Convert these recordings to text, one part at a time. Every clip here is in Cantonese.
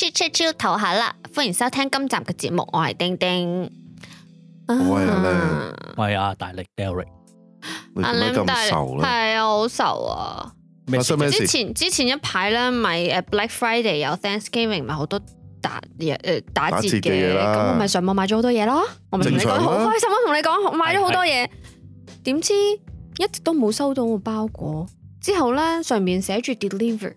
超超超頭下啦！歡迎收聽今集嘅節目，我係丁丁，我係阿大力，Derek，大力，唔該咁愁啦，係啊，好愁啊之！之前之前一排咧，咪誒 Black Friday 有 Thanksgiving 咪好多打嘢誒、呃、打折嘅，咁我咪上網買咗好多嘢咯，我咪同你講好開心、啊，我同你講買咗好多嘢，點知一直都冇收到我包裹，之後咧上面寫住 Delivered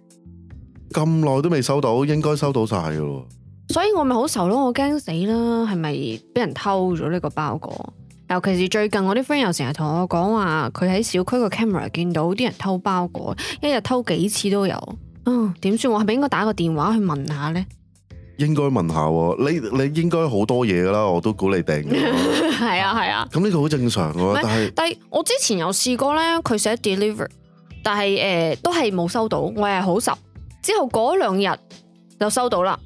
咁耐都未收到，應該收到晒噶，所以我咪好愁咯。我驚死啦，係咪俾人偷咗呢個包裹？尤其是最近我朋友我，我啲 friend 又成日同我講話，佢喺小區個 camera 見到啲人偷包裹，一日偷幾次都有。嗯，點算？我係咪應該打個電話去問下咧？應該問下你，你應該好多嘢噶啦。我都估你訂，係啊係啊。咁呢、啊、個好正常喎。是但係是但係我之前有試過咧，佢寫 deliver，但係誒、呃、都係冇收到，我係好愁。之後嗰兩日就收到啦。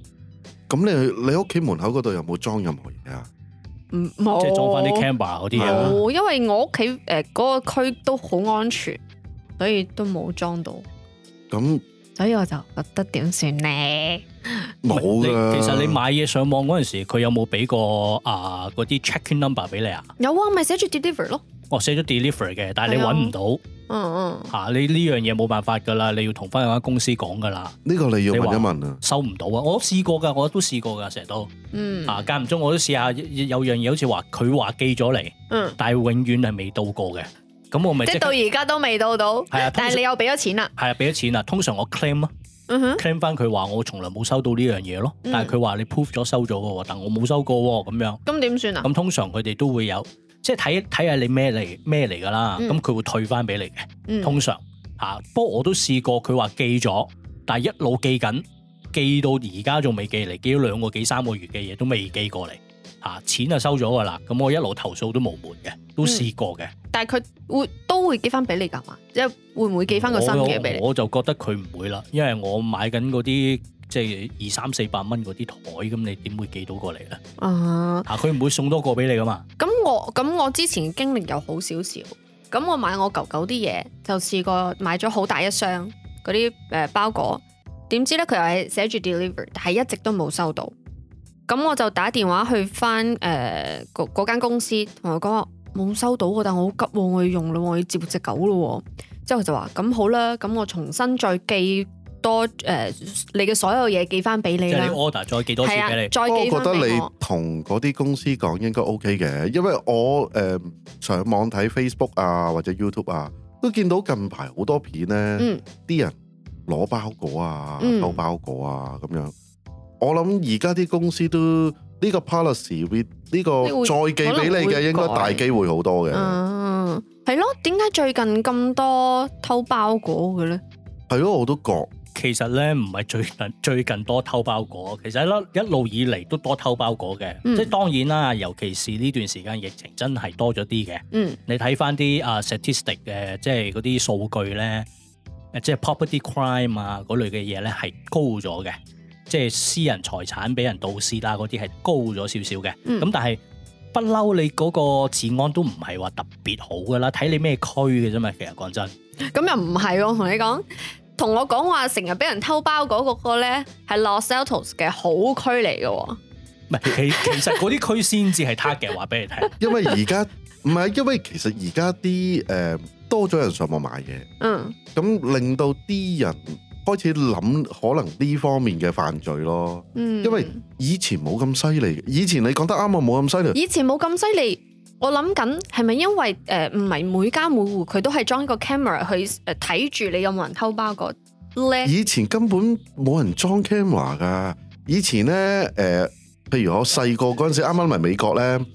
咁你你屋企門口嗰度有冇裝任何嘢、嗯、啊？唔，冇，即係裝翻啲 camera 嗰啲啊。冇，因為我屋企誒嗰個區都好安全，所以都冇裝到。咁、嗯、所以我就覺得點算咧？冇啦。其實你買嘢上網嗰陣時，佢有冇俾個啊嗰啲 checking number 俾你啊？你有啊，咪寫住 deliver 咯。我、哦、寫咗 delivery 嘅，但係你揾唔到，嚇、嗯嗯啊、你呢樣嘢冇辦法噶啦，你要同翻嗰間公司講噶啦。呢個你要問一問不、嗯、啊。收唔到啊！我試過噶，我都試過噶，成日都。嗯。嚇間唔中我都試下，有樣嘢好似話佢話寄咗嚟，嗯、但係永遠係未到過嘅。咁我咪即到而家都未到到。係啊，但係你又俾咗錢啦。係啊，俾咗錢啊。通常我 claim、嗯、哼 claim 啊，claim 翻佢話我從來冇收到呢樣嘢咯，嗯、但係佢話你 proof 咗收咗喎，但我冇收過喎咁樣。咁點算啊？咁、嗯、通常佢哋都會有。即係睇睇下你咩嚟，咩嚟噶啦，咁佢會退翻俾你嘅，嗯嗯、通常吓。不過我都試過佢話寄咗，但係一路寄緊，寄到而家仲未寄嚟，寄咗兩個幾三個月嘅嘢都未寄過嚟吓。錢就收咗噶啦，咁我一路投訴都冇門嘅，都試過嘅、嗯。但係佢會都會寄翻俾你噶嘛？即係會唔會寄翻個新嘅俾你我？我就覺得佢唔會啦，因為我買緊嗰啲。即係二三四百蚊嗰啲台，咁你點會寄到過嚟咧？啊、uh，吓佢唔會送多個俾你噶嘛？咁我咁我之前嘅經歷又好少少。咁我買我狗狗啲嘢，就試過買咗好大一箱嗰啲誒包裹，點知咧佢又係寫住 deliver，但係一直都冇收到。咁我就打電話去翻誒嗰嗰間公司，同佢講話冇收到，但我好急，我要用咯，我要接隻狗咯。之後佢就話咁好啦，咁我重新再寄。多誒、呃，你嘅所有嘢寄翻俾你啦，order 再寄多次俾你，我覺得你同嗰啲公司講應該 OK 嘅，因為我誒、呃、上網睇 Facebook 啊或者 YouTube 啊，都見到近排好多片咧，啲、嗯、人攞包裹啊、嗯、偷包裹啊咁樣。我諗而家啲公司都呢、呢個 policy 會呢個再寄俾你嘅，應該大機會好多嘅。嗯，係、啊、咯？點解最近咁多偷包裹嘅咧？係咯，我都覺。其實咧唔係最近最近多偷包裹，其實咧一路以嚟都多偷包裹嘅。嗯、即係當然啦，尤其是呢段時間疫情真係多咗啲嘅。嗯、你睇翻啲啊 statistic 嘅，即係嗰啲數據咧，嗯、即係 property crime 啊嗰類嘅嘢咧係高咗嘅。即係私人財產俾人盜竊啦嗰啲係高咗少少嘅。咁、嗯、但係不嬲，你嗰個治安都唔係話特別好噶啦，睇你咩區嘅啫嘛。其實講真，咁又唔係、啊、我同你講。同我講話成日俾人偷包嗰個咧，係 Los Altos 嘅好區嚟嘅喎。唔係，其其實嗰啲區先至係 target，話俾你聽。 因為而家唔係，因為其實而家啲誒多咗人上網買嘢，嗯，咁令到啲人開始諗可能呢方面嘅犯罪咯。嗯，因為以前冇咁犀利，以前你講得啱啊，冇咁犀利。以前冇咁犀利。我諗緊係咪因為誒唔係每家每戶佢都係裝一個 camera 去誒睇住你有冇人偷包裹咧？以前根本冇人裝 camera 噶，以前咧誒、呃，譬如我細個嗰陣時，啱啱嚟美國咧，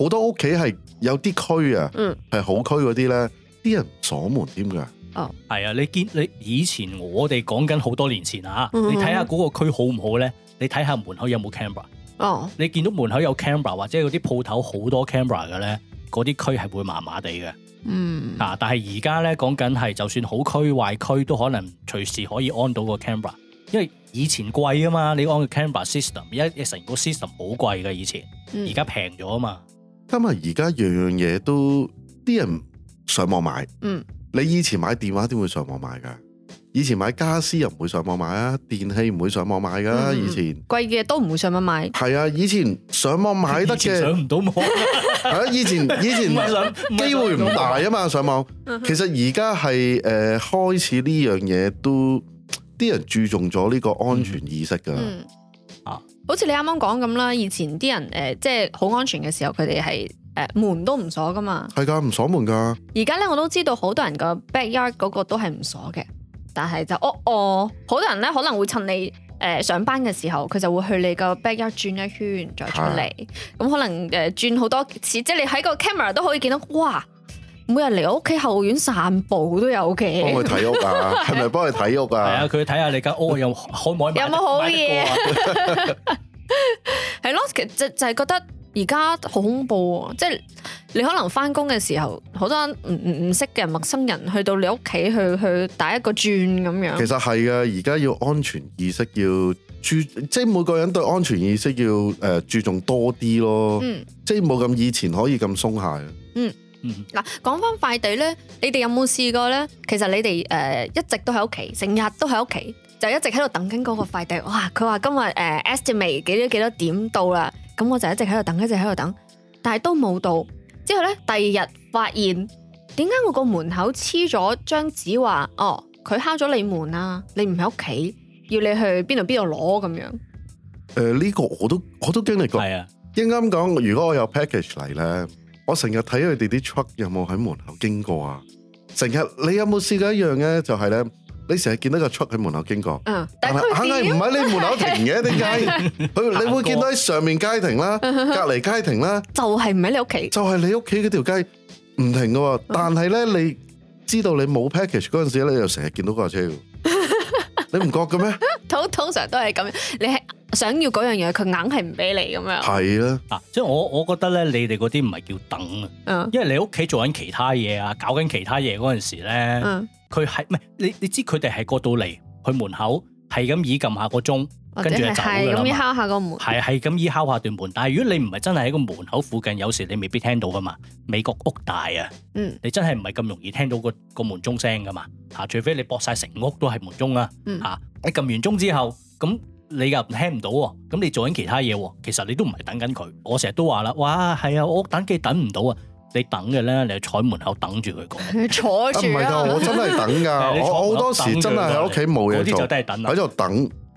很多家是是好多屋企係有啲區啊，係、嗯、好區嗰啲咧，啲人鎖門添噶。哦，係啊，你見你以前我哋講緊好多年前啊，你睇下嗰個區好唔好咧？你睇下門口有冇 camera。哦，oh. 你見到門口有 camera 或者嗰啲鋪頭好多 camera 嘅咧，嗰啲區係會麻麻地嘅。嗯、mm.，啊，但係而家咧講緊係，就算好區壞區都可能隨時可以安到個 camera，因為以前貴啊嘛，你安個 camera system 一成個 system 好貴㗎以前，而家平咗啊嘛。今日而家樣樣嘢都，啲人上網買。嗯，mm. 你以前買電話點會上網買㗎？以前買家私又唔會上網買啊，電器唔會上網買噶。以前貴嘅都唔會上網買。係啊，以前上網買得嘅，上唔到網。係 啊，以前以前機會唔大啊嘛，上網。嗯、哼其實而家係誒開始呢樣嘢，都啲人注重咗呢個安全意識㗎。啊、嗯，好、嗯、似你啱啱講咁啦，以前啲人誒即係好安全嘅時候，佢哋係誒門都唔鎖噶嘛。係㗎，唔鎖門㗎。而家咧，我都知道好多人個 backyard 嗰個都係唔鎖嘅。但係就哦哦，好多人咧可能會趁你誒、呃、上班嘅時候，佢就會去你個 backyard 轉一圈再出嚟。咁、啊嗯、可能誒轉好多次，即係你喺個 camera 都可以見到。哇！每日嚟我屋企後院散步都有屋企幫佢睇屋啊？係咪幫佢睇屋啊？係 啊， 佢睇下你間屋有好冇？有冇好嘢？係咯，其實就就係、係覺得。而家好恐怖啊！即係你可能翻工嘅時候，好多唔唔唔識嘅人、陌生人去到你屋企去去打一個轉咁樣。其實係啊，而家要安全意識要注，即係每個人對安全意識要誒注重多啲咯。嗯，即係冇咁以前可以咁鬆懈。嗯嗯。嗱，講翻快遞咧，你哋有冇試過咧？其實你哋誒一直都喺屋企，成日都喺屋企，就一直喺度等緊嗰個快遞。哇！佢話今日誒 estimate 幾多幾多點到啦。咁我就一直喺度等，一直喺度等，但係都冇到。之後咧，第二日發現點解我個門口黐咗張紙話，哦，佢敲咗你門啦，你唔喺屋企，要你去邊度邊度攞咁樣。誒、呃，呢、這個我都我都經歷過。係啊，啱啱講，如果我有 package 嚟咧，我成日睇佢哋啲 truck 有冇喺門口經過啊。成日，你有冇試過一樣咧？就係、是、咧。你成日見到一個卒喺門口經過，嗯、但係硬係唔喺你門口停嘅，點解？ 佢你會見到喺上面街停啦，隔離 街停啦，就係唔喺你屋企，就係你屋企嗰條街唔停㗎喎。但係咧，你知道你冇 package 嗰陣時咧，你又成日見到嗰架車。你唔覺嘅咩 通常都係咁樣，你係想要嗰樣嘢，佢硬係唔畀你咁樣。係的啊，即係我，我覺得咧，你哋嗰啲唔係叫等啊，嗯、因為你屋企做緊其他嘢啊，搞緊其他嘢嗰陣時咧，佢係唔係？你你知佢哋係過到嚟，去門口係咁耳撳下個鐘。跟住就係咁依敲下個門，係係咁依敲下段門。但係如果你唔係真係喺個門口附近，有時你未必聽到㗎嘛。美國屋大啊，嗯、你真係唔係咁容易聽到個個門鐘聲㗎嘛？嚇，除非你搏晒成屋都係門鐘啦！嚇、嗯啊，你撳完鐘之後，咁你又聽唔到喎。咁你做緊其他嘢，其實你都唔係等緊佢。我成日都話啦，哇，係啊，我等佢等唔到啊。你等嘅咧，你就坐喺門口等住佢，嗰個。你坐唔係㗎，我真係等㗎。 你坐好多時真係喺屋企冇嘢啲做，喺度等，等。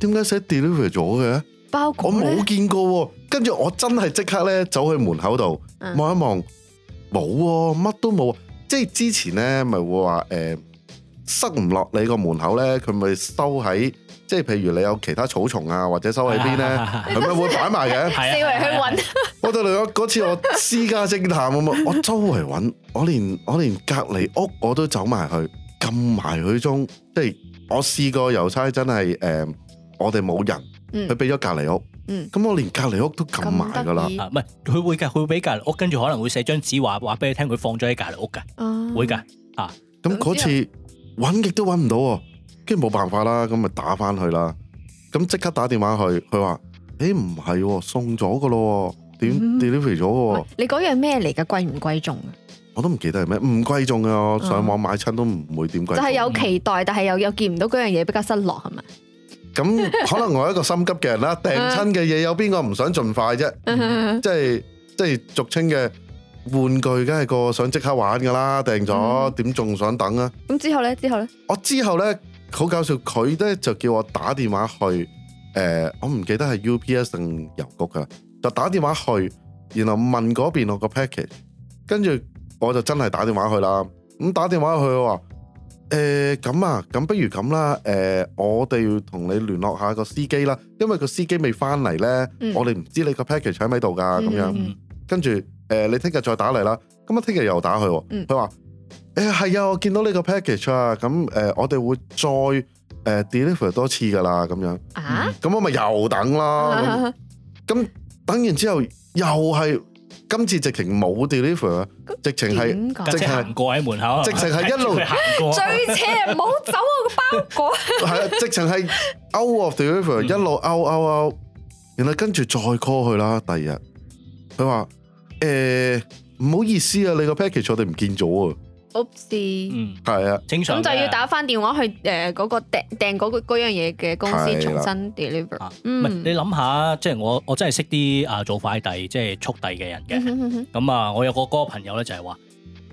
點解寫 delivery 咗嘅包裹我冇見過？跟住我真係即刻咧走去門口度望一望，冇乜，嗯，都冇。即係之前咧，咪會話誒塞唔落你個門口咧，佢咪收喺即係，譬如你有其他草叢啊，或者收喺邊咧，佢咪會擺埋嘅。啊，四圍去搵， 啊啊啊啊，我對嚟我嗰次我私家偵探， 我咪我周圍搵，我連我連隔籬屋我都走埋去，撳埋佢鐘。即係我試過郵差真係誒。欸我哋冇人，佢俾咗隔籬屋，咁、嗯、我連隔籬屋都撳埋噶啦。唔係、嗯，佢、啊、會佢會俾隔籬屋，跟住可能會寫張紙話話俾你聽，佢放咗喺隔籬屋噶，嗯、會噶。啊，咁嗰次搵極都搵唔到，跟住冇辦法啦，咁咪打翻去啦。咁即刻打電話去，佢話，誒、欸，唔係、啊，送咗噶咯，點 delivery 咗？了了嗯、你嗰樣咩嚟噶？貴唔貴重啊？我都唔記得係咩，唔貴重嘅，嗯、上網買親都唔會點貴。就係有期待，嗯、但係又又見唔到嗰樣嘢，比較失落係咪？咁 可能我係一個心急嘅人 啦，訂親嘅嘢有邊個唔想盡快啫？即係即係俗稱嘅玩具，梗係個想即刻玩噶啦，訂咗點仲想等啊？咁、嗯、之後呢？之後呢？我之後呢？好搞笑，佢呢就叫我打電話去，呃、我唔記得係 UPS 定郵局噶，就打電話去，然後問嗰邊我個 packet，跟住我就真係打電話去啦。咁打電話去我話。誒咁、呃、啊，咁不如咁啦，呃、我哋要同你聯絡下個司機啦，因為個司機未翻嚟咧，嗯、我哋唔知你個 package 喺咪度噶，咁、嗯、樣跟住、嗯嗯呃、你聽日再打嚟啦，咁啊聽日又打佢、啊，佢話誒係啊，我見到呢個 package 啊，咁、呃、我哋會再、呃、deliver 多次噶啦，咁樣咁、嗯、我咪又等啦，咁等完之後又係。今次直情冇 deliver 啊！直情係，直情過喺門口，直情係一路行過，最邪冇走我個包裹，係直情係 out of deliver，一路 out out out，然後跟住再 call 佢啦。第二日，佢話：誒，唔好意思啊，你個 package 我哋唔見咗啊！Oops. 嗯係啊正常咁就要打翻電話去誒嗰、呃嗰個訂訂嗰個樣嘢嘅公司重新 deliver。了啊、嗯，你諗下，即係我我真係識啲啊做快遞即係速遞嘅人嘅。咁啊、嗯，我有個嗰、嗰個朋友咧就係話，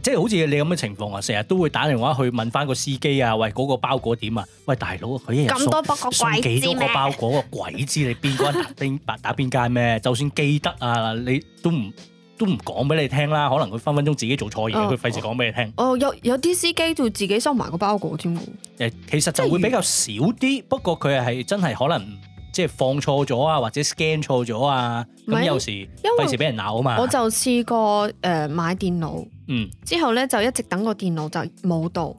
即係好似你咁嘅情況啊，成日都會打電話去問翻個司機啊，喂嗰、嗰個包裹點啊？喂大佬，佢一日送多包，送幾多個包裹啊？知鬼知你邊間打邊 打邊間咩？就算記得啊，你都唔。都唔講俾你聽啦，可能佢分分鐘自己做錯嘢，佢費事講俾你聽。哦，有有啲司機就自己收埋個包裹添嘅。誒，其實就會比較少啲，來不過佢係真係可能即係放錯咗啊，或者 scan 錯咗啊，咁是有時費事俾人鬧啊嘛。我就試過誒買電腦，嗯，之後咧就一直等個電腦就冇到，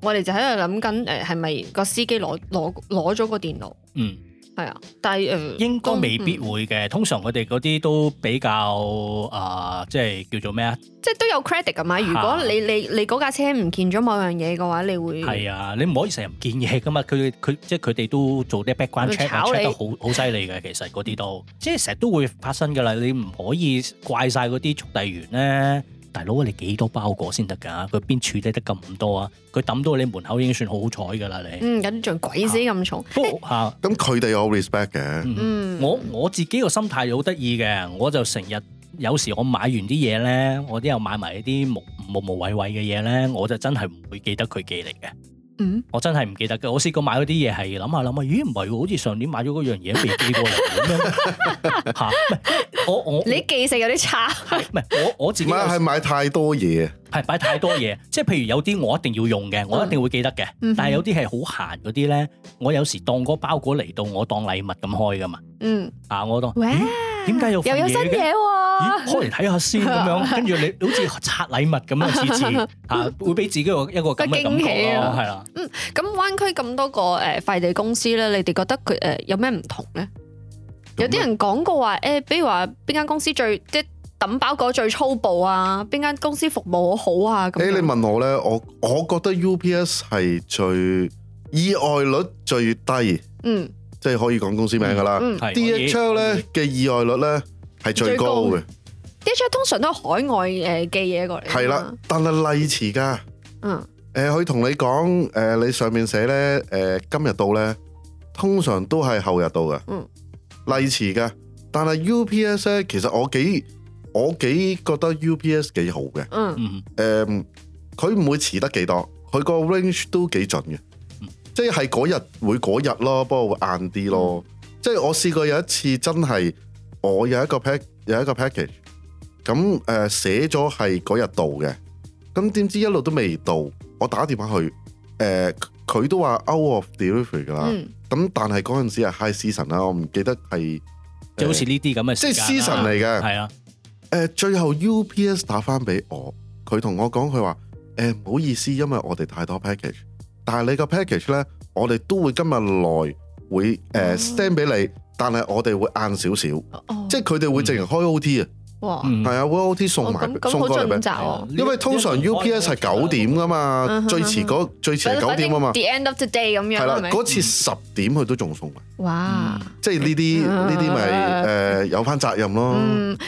我哋就喺度諗緊誒係咪個司機攞攞攞咗個電腦，嗯。係啊，但係誒，呃、應該未必會嘅。嗯、通常佢哋嗰啲都比較、呃、都啊，即係叫做咩啊？即係都有 credit 㗎嘛。如果你你你嗰架車唔見咗某樣嘢嘅話，你會係啊，你唔可以成日唔見嘢噶嘛。佢佢即係佢哋都做啲 background check check 得好好犀利嘅。其實嗰啲都 即係成日都會發生㗎啦。你唔可以怪晒嗰啲速遞員咧。大佬，你幾多包裹先得㗎？佢邊處理得咁多啊？佢抌到你門口已經算好好彩㗎啦！你嗯，咁仲鬼死咁重。嚇、啊，咁佢哋有 respect 嘅。 嗯，我我自己個心態好得意嘅，我就成日有時我買完啲嘢咧，我都有買埋一啲無，無無無謂謂嘅嘢咧，我就真係唔會記得佢寄嚟嘅。嗯，我真係唔記得嘅。我試過買嗰啲嘢係諗下諗下，咦唔係喎，好似上年買咗嗰樣嘢都未寄過嚟咁樣嚇。我我你記性有啲差，唔係我我自己買係買太多嘢，係買太多嘢。 即係譬如有啲我一定要用嘅，我一定會記得嘅。嗯，但係有啲係好閒嗰啲咧，我有時當個包裹嚟到，我當禮物咁開噶嘛。嗯，啊我當。喂點解有又有新嘢嘅？開嚟睇下先咁樣，跟住你，好似拆禮物咁樣，次次吓會俾自己一個一個驚喜啊！係啦，嗯，咁灣區咁多個誒快遞公司咧，你哋覺得佢誒有咩唔同咧？有啲人講過話，誒，比如話邊間公司最即係抌包裹最粗暴啊，邊間公司服務好啊？誒，你問我咧，我我覺得 UPS 係最意外率最低。嗯。即係可以講公司名噶啦，DHL 咧嘅意外率咧係最高嘅。DHL 通常都係海外誒寄嘢過嚟，係啦，但係滯遲噶。嗯，誒佢同你講誒，你上面寫咧誒，今日到咧，通常都係後日到嘅。嗯，滯遲嘅，但係 UPS 咧，其實我幾我幾覺得 UPS 幾好嘅。嗯，誒，佢唔會遲得幾多，佢個 range 都幾準嘅。即係嗰日會嗰日咯，不過會晏啲咯。嗯、即係我試過有一次真係，我有一個 pack 有一個 package 咁誒，寫咗係嗰日到嘅。咁點知一路都未到，我打電話去，誒、呃、佢都話 out of delivery 噶啦。咁、嗯、但係嗰陣時係 high season 啦，我唔記得係即好似呢啲咁嘅，即、就、係、是、season 嚟嘅。係啊，誒、嗯啊呃、最後 UPS 打翻俾我，佢同我講佢話誒唔好意思，因為我哋太多 package。但係你個 package 咧，我哋都會今日來會誒、呃、send 俾你，oh. 但係我哋會晏少少，oh. 即係佢哋會直情開 OT 啊！哇，係啊，World O T 送埋送過嚟咩？因為通常 U P S 係九點噶嘛，最遲嗰最遲係九點啊嘛。The end of the day 咁樣。係嗰次十點佢都仲送嚟。哇！即係呢啲呢啲咪誒有返責任咯。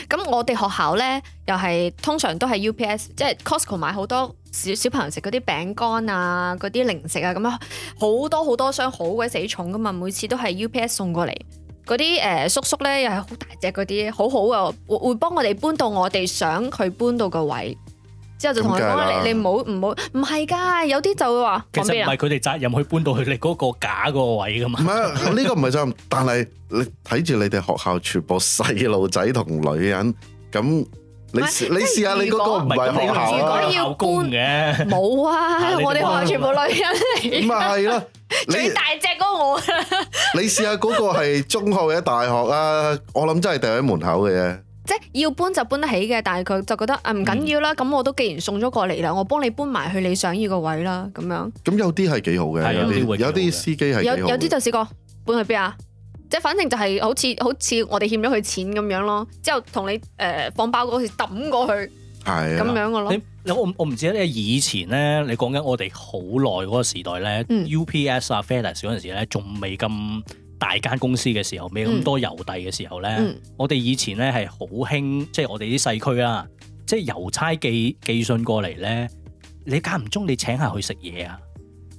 咁我哋學校咧又係通常都係 U P S，即係 Costco 買好多小小朋友食嗰啲餅乾啊、嗰啲零食啊，咁樣好多好多箱好鬼死重噶嘛，每次都係 U P S 送過嚟。嗰啲誒叔叔咧又係好大隻嗰啲，好好啊，會會幫我哋搬到我哋想佢搬到個位，之後就同佢講：你你唔好唔好，唔係㗎，有啲就會話其實唔係佢哋責任去搬到去你嗰個假個位噶嘛。唔係，呢個唔係責任， 但係你睇住你哋學校全部細路仔同女人咁。你你試下你嗰個唔係學校啊？如果要搬嘅，冇啊！我哋學校全部女人嚟，唔係咯？你大隻嗰個我啦。你試下嗰個係中學嘅大學啊！我諗真係掟喺門口嘅。即係要搬就搬得起嘅，但係佢就覺得啊唔緊要啦。咁我都既然送咗過嚟啦，我幫你搬埋去你想要個位啦。咁樣。咁有啲係幾好嘅，有啲有啲司機係幾好。有有啲就試過搬去邊啊？即係反正就係好似好似我哋欠咗佢錢咁樣咯，之後同你誒、呃、放包嗰時抌過去，係咁樣嘅咯。我我唔知得因以前咧，你講緊我哋好耐嗰個時代咧、嗯、UPS 啊 FedEx 嗰陣時咧，仲未咁大間公司嘅時候，未咁多郵遞嘅時候咧，嗯、我哋以前咧係好興，即係我哋啲細區啊，即係郵差寄寄信過嚟咧，你間唔中你請下去食嘢啊！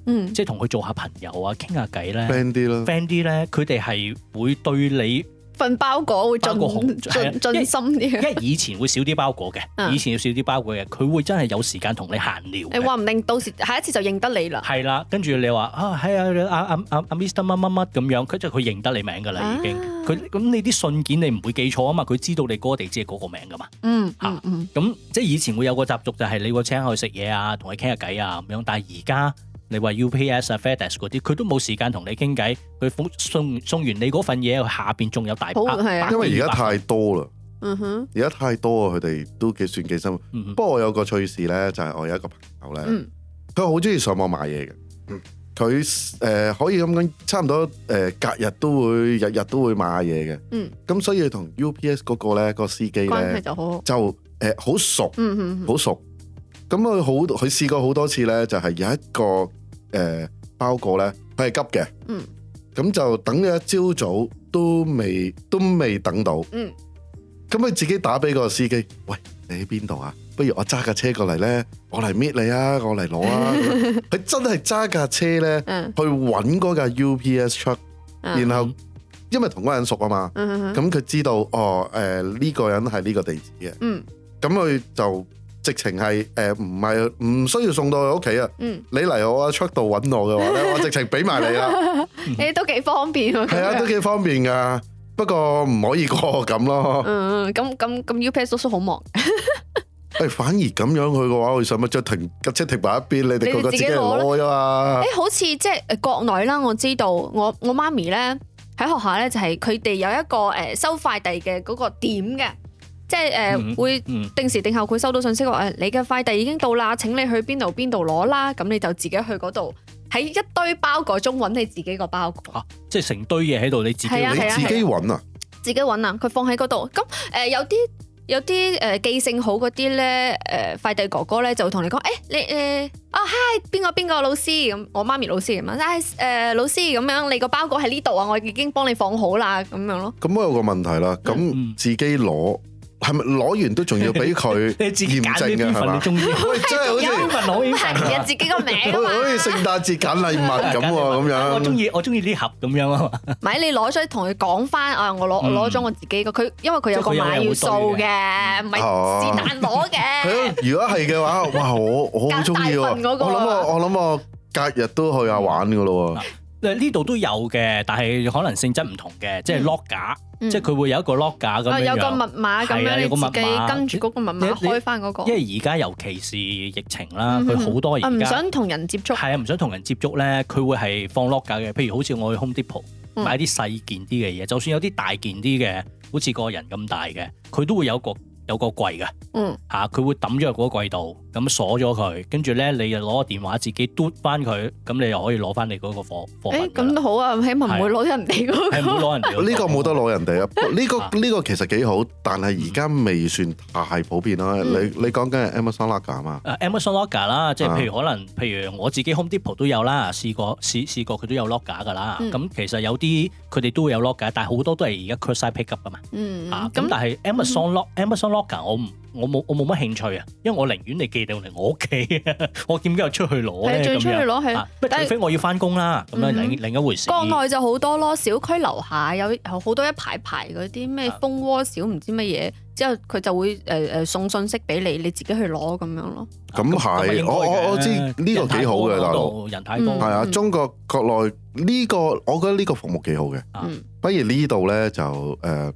嗯，即係同佢做下朋友啊，傾下偈咧，friend 啲咯，friend 啲咧，佢哋係會對你份包裹會盡盡盡心啲，因為以前會少啲包裹嘅，以前要少啲包裹嘅，佢會真係有時間同你閒聊。你話唔定到時下一次就認得你啦，係啦，跟住你話啊，係啊，阿阿阿阿 Mr 乜乜乜咁樣，佢就佢認得你名噶啦，已經佢咁你啲信件你唔會記錯啊嘛，佢知道你嗰個地址係嗰個名噶嘛，嗯嗯，咁即係以前會有個習俗就係你會請佢去食嘢啊，同佢傾下偈啊咁樣，但係而家。你話 UPS 啊 FedEx 嗰啲，佢都冇時間同你傾偈，佢送送完你嗰份嘢，下邊仲有大把，因為而家太多啦，而家太多啊，佢哋都幾算幾辛苦。不過我有個趣事咧，就係我有一個朋友咧，佢好中意上網買嘢嘅，佢誒可以咁樣，差唔多誒隔日都會，日日都會買下嘢嘅。嗯，咁所以同 UPS 嗰個咧，個司機咧就誒好熟，嗯嗯，好熟。咁佢好，佢試過好多次咧，就係有一個。誒包裹咧，佢係急嘅，咁就等咗一朝早都未都未等到，咁佢自己打俾個司機，喂你喺邊度啊？不如我揸架車過嚟咧，我嚟 meet 你啊，我嚟攞啊！佢真係揸架車咧去揾嗰架 UPS truck，然後因為同嗰人熟啊嘛，咁佢知道哦誒呢個人係呢個地址嘅，咁佢就。直情係誒唔係唔需要送到佢屋企啊！你嚟我出度揾我嘅話咧，我直情俾埋你啦。誒都幾方便喎，係啊，都幾方便噶。不過唔可以過咁咯。嗯嗯，咁咁咁 UPS 叔叔好忙。誒反而咁樣佢嘅話，佢使乜再停架車停埋一邊，你哋覺得自己攞啊嘛？誒好似即係誒國內啦，我知道我我媽咪咧喺學校咧就係佢哋有一個誒收快遞嘅嗰個點嘅。即係誒，呃嗯嗯、會定時定候佢收到信息話誒，你嘅快遞已經到啦，請你去邊度邊度攞啦。咁你就自己去嗰度，喺一堆包裹中揾你自己個包裹。啊，即係成堆嘢喺度，你自己去、啊、你自己揾啊，啊，啊，啊，啊？自己揾啊？佢放喺嗰度。咁誒、呃，有啲有啲誒、呃，記性好嗰啲咧，誒、呃，快遞哥哥咧就同你講誒、欸，你誒、呃，哦，hi，邊個邊個老師？咁我媽咪老師咁，誒、啊呃，老師咁樣，你個包裹喺呢度啊，我已經幫你放好啦，咁樣咯。咁我有個問題啦，咁自己攞。嗯係咪攞完都仲要俾佢驗證㗎？係嘛？喂，真係好似揀份好嘅自己個名，好似聖誕節揀禮物咁喎。咁樣，我中意我中意呢盒咁樣啊嘛。咪你攞咗去同佢講翻啊！我攞攞咗我自己個，佢因為佢有個買要數嘅，咪是難攞嘅。係咯，如果係嘅話，哇！我我好中意喎。我諗我我諗我隔日都去下玩㗎咯喎。呢度都有嘅，但係可能性質唔同嘅，即係 lock 架，嗯嗯、即係佢會有一個 lock 架咁樣、啊、有個密碼咁樣，啊、你自己跟住嗰個密碼為開翻嗰、嗰個。因為而家尤其是疫情啦，佢好、嗯、多嘢唔、啊、想同人接觸。係啊，唔想同人接觸咧，佢會係放 lock 架嘅。譬如好似我去 Home Depot 買啲細件啲嘅嘢，嗯、就算有啲大件啲嘅，好似個人咁大嘅，佢都會有個。有個櫃嘅，嗯嚇，佢、啊、會揼咗入嗰個櫃度，咁鎖咗佢，跟住咧你又攞個電話自己嘟翻佢，咁你又可以攞翻你嗰個貨。誒，咁、欸、好啊，起碼唔會攞人哋嗰、那個，係唔攞人哋。呢個冇得攞人哋啊。呢、 那個呢個其實幾好，但係而家未算太普遍啊。你你講緊係 Amazon lock 啊嘛？Amazon lock 啦，即係譬如可能譬如我自己 Home Depot 都有啦，試過試試過佢都有 lock 架噶啦。咁、嗯啊、其實有啲佢哋都有 locker 但係好多都係而家 curbside pickup 啊嘛。咁、嗯啊、但係 Am、嗯、Amazon locker 我唔我冇我冇乜興趣啊，因為我寧願你寄到嚟我屋企，我點解又出去攞咧？咁最出去攞係，啊、但除非我要翻工啦，咁樣另另、嗯、一回事。國內就好多咯，小區樓下有好多一排排嗰啲咩蜂窩小唔知乜嘢，之後佢就會誒誒、呃、送信息俾你，你自己去攞咁樣咯。咁係、嗯，我我我知呢個幾好嘅大佬，人太多係、嗯、啊。中國國內呢、這個我覺得呢個服務幾好嘅。嗯、不如呢度咧就誒。呃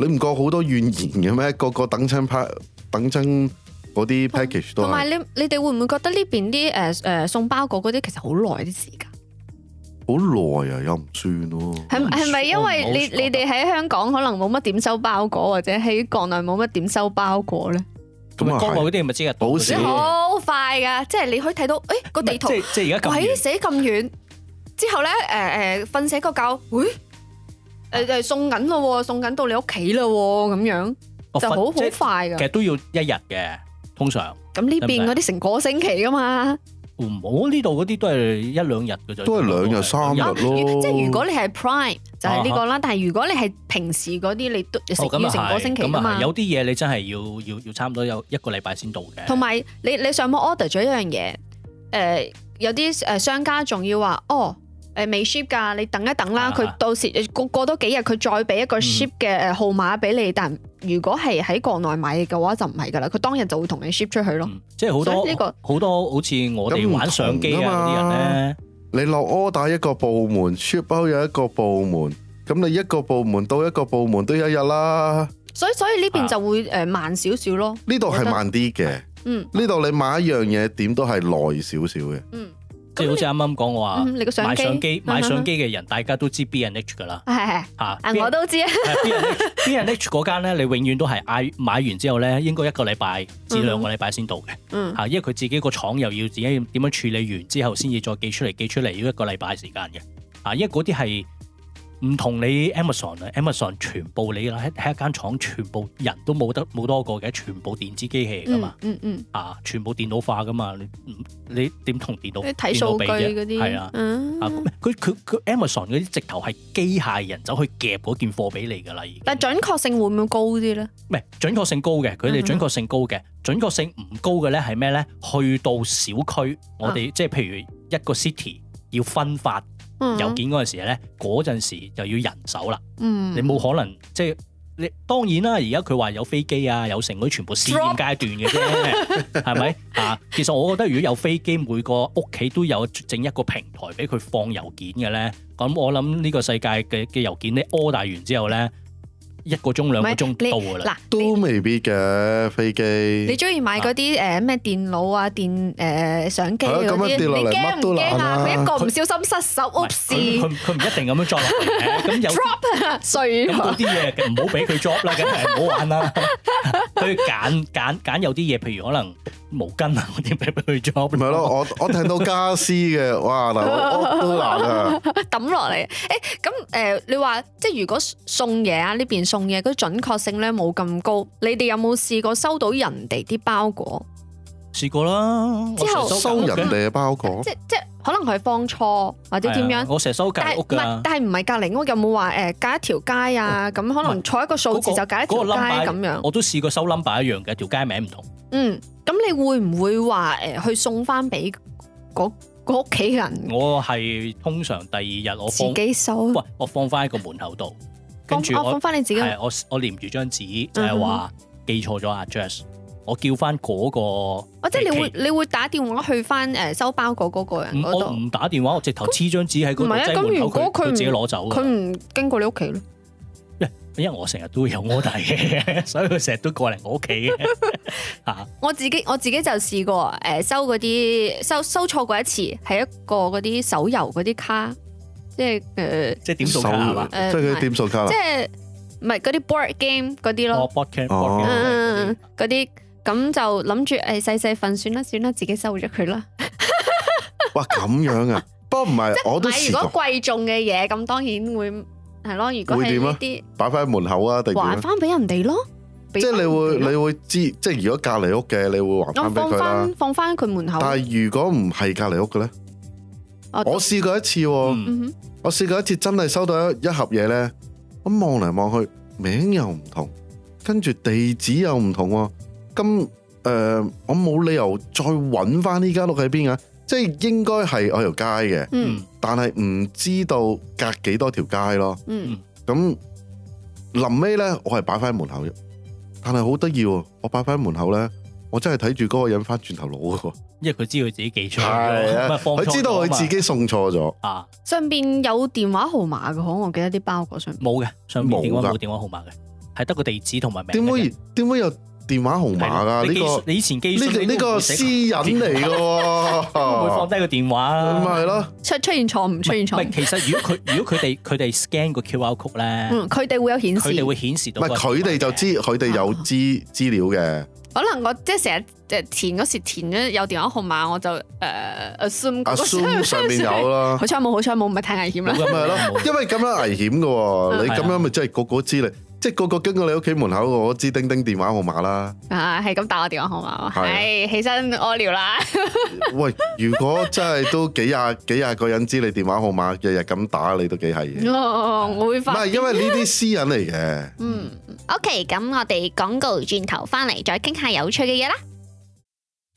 你唔覺好多怨言嘅咩？個個等親 pack，等親嗰啲 package 都。同埋你你哋會唔會覺得呢邊啲誒誒送包裹嗰啲其實好耐啲時間？好耐啊，又唔算咯。係係咪因為你你哋喺香港可能冇乜點收包裹，或者喺國內冇乜點收包裹咧？咁啊，國內嗰啲係咪真係到時好快㗎？即係你可以睇到，誒個地圖，即即而家寫咁遠之後咧，誒誒瞓醒個覺，喂。誒誒，送緊咯，送緊到你屋企咯，咁樣就好好快噶。其實都要一日嘅，通常。咁呢邊嗰啲成個星期噶嘛？唔好，呢度嗰啲都係一兩日噶啫。都係兩日三日咯。即係如果你係 Prime 就係呢個啦，但係如果你係平時嗰啲，你都要成個星期啊嘛。有啲嘢，你真係要要要差唔多有一個禮拜先到嘅。同埋你你上網 order 咗一樣嘢，誒有啲誒商家仲要話哦。誒，未 ship 噶，你等一等啦。佢到時過過多幾日，佢再俾一個 ship 嘅誒號碼俾你。但如果係喺國內買嘅話，就唔係噶啦。佢當日就會同你 ship 出去咯。即係好多呢個好多，好似我哋玩相機啊啲人咧，你落 order 一個部門 ship out 有一個部門，咁你一個部門到一個部門都有一日啦。所以所以呢邊就會誒慢少少咯。呢度係慢啲嘅，嗯，呢度你買一樣嘢點都係耐少少嘅，嗯。即係好似啱啱講我話買相機買相機嘅人，大家都知 B&H 㗎啦，係係吓，我都知，啊是。B&H、B&H 嗰間咧，你永遠都係嗌買完之後咧，應該一個禮拜至兩個禮拜先到嘅，吓、嗯，因為佢自己個廠又要自己點樣處理完之後，先至再寄出嚟，寄出嚟要一個禮拜時間嘅，吓，因為嗰啲係。唔同你 Amazon 啊，Amazon 全部你喇喺喺一間廠，全部人都冇得冇多個嘅，全部電子機器嚟噶嘛，嗯嗯，嗯啊，全部電腦化噶嘛，你你點同電腦？你睇數據嗰啲係啊，啊，佢佢佢 Amazon 嗰啲直頭係機械人走去夾嗰件貨俾你噶啦，但係準確性會唔會高啲咧？唔係，嗯，準確性高嘅，佢哋準確性高嘅，嗯，哼準確性唔高嘅咧係咩咧？去到小區，我哋，啊，即係譬如一個 city 要分發。郵件嗰陣時咧，嗰陣時就要人手啦、嗯。你冇可能即係你當然啦。而家佢話有飛機啊，有成嗰啲全部試驗階段嘅啫，係咪啊？其實我覺得如果有飛機，每個屋企都有整一個平台俾佢放郵件嘅咧，咁我諗呢個世界嘅嘅郵件咧，order 完之後咧。一個鐘兩個鐘到㗎啦，都未必嘅飛機。你中意買嗰啲誒咩電腦啊、電誒相機嗰啲，你驚唔驚啊？佢一個唔小心失手，oops！佢佢唔一定咁樣 drop，碎嘛。咁嗰啲嘢唔好俾佢 drop 啦，梗係唔好玩啦。佢揀揀揀有啲嘢，譬如可能。毛巾啊！我點俾佢裝？唔係咯，我我聽到家私嘅，哇嗱，我都難啊！抌落嚟，誒，咁誒，你話即係如果送嘢啊呢邊送嘢，嗰準確性咧冇咁高，你哋有冇試過收到人哋啲包裹？試過啦，我成日收人哋嘅包裹。即即可能係放錯或者點樣？我成日收隔屋嘅，唔係，但係唔係隔籬屋有冇話誒隔一條街啊？咁可能錯一個數字就隔一條街咁樣。我都試過收 number 一樣嘅，條街名唔同。嗯。咁你會唔會話誒去送翻俾嗰屋企人？我係通常第二日我放自己收。喂，我放翻喺個門口度，跟住放我放翻你自己。係我我粘住張紙，嗯、哼哼就係話寄錯咗 address，我叫翻嗰個。哦、啊，即係你會你會打電話去翻誒收包嗰個人那、嗯、我唔打電話，我直頭黐張紙喺度。唔係啊，咁如果佢自己攞走，佢唔經過你屋企咧？因為我成日都有我大嘅，所以佢成日都過嚟我屋企嘅。啊，我自己我自己就試過誒，收嗰啲收收錯過一次，係一個嗰啲手遊嗰啲卡，即係誒，即係點數卡，即係佢點數卡，即係唔係嗰啲 board game 嗰啲咯，board game 嗰啲，嗰啲咁就諗住誒細細份算啦，算啦，自己收咗佢啦。哇，咁樣啊？不過唔係，我都如果貴重嘅嘢，咁當然會。.係咯，如果係呢啲會點啊，擺翻喺門口啊，定還翻俾人哋咯？即係你會你會知，即係如果隔籬屋嘅，你會還翻俾佢啦，放翻佢門口、啊。但係如果唔係隔籬屋嘅咧，我試都過一次，嗯、哼我試過一次真係收到一盒嘢咧，咁望嚟望去名又唔同，跟住地址又唔同、哦，咁誒、呃，我冇理由再搵翻呢間屋喺邊啊！即係應該係我條街嘅，嗯、但係唔知道隔幾多條街咯。咁臨尾咧，我係擺翻喺門口，但係好得意喎！我擺翻喺門口咧，我真係睇住嗰個人翻轉頭攞喎。因為佢知道自己寄錯，係佢知道佢自己送錯咗啊。上邊有電話號碼嘅，可我記得啲包裹上邊冇嘅，上邊冇電、電話號碼嘅，係得個地址同埋名。點解？點會又？電話號碼啊！呢個以前機，呢個呢個私隱嚟嘅喎，唔會放低個電話啊！係咯，出出現錯唔出現錯？唔係，其實如果佢如果佢哋佢哋 scan 個 QR code 咧，嗯，佢哋會有顯示，你哋會顯示到。唔係佢哋就知佢哋有資資料嘅。可能我即係成日填嗰時填咗有電話號碼，我就 assume。assume 上面有啦。好彩冇，好彩冇，唔係太危險啦。咯，因為咁樣危險嘅喎，你咁樣咪真係個個知你。即係個個經過你屋企門口，我知叮叮電話號碼啦。啊，係咁打我電話號碼，係的、哎、起身屙尿啦。 喂，如果真係都幾廿 幾廿個人知你電話號碼，日日咁打你都幾係嘅。哦，我會翻。唔係，因為呢啲私隱嚟嘅。嗯，OK，咁我哋廣告轉頭翻嚟，再傾下有趣嘅嘢啦。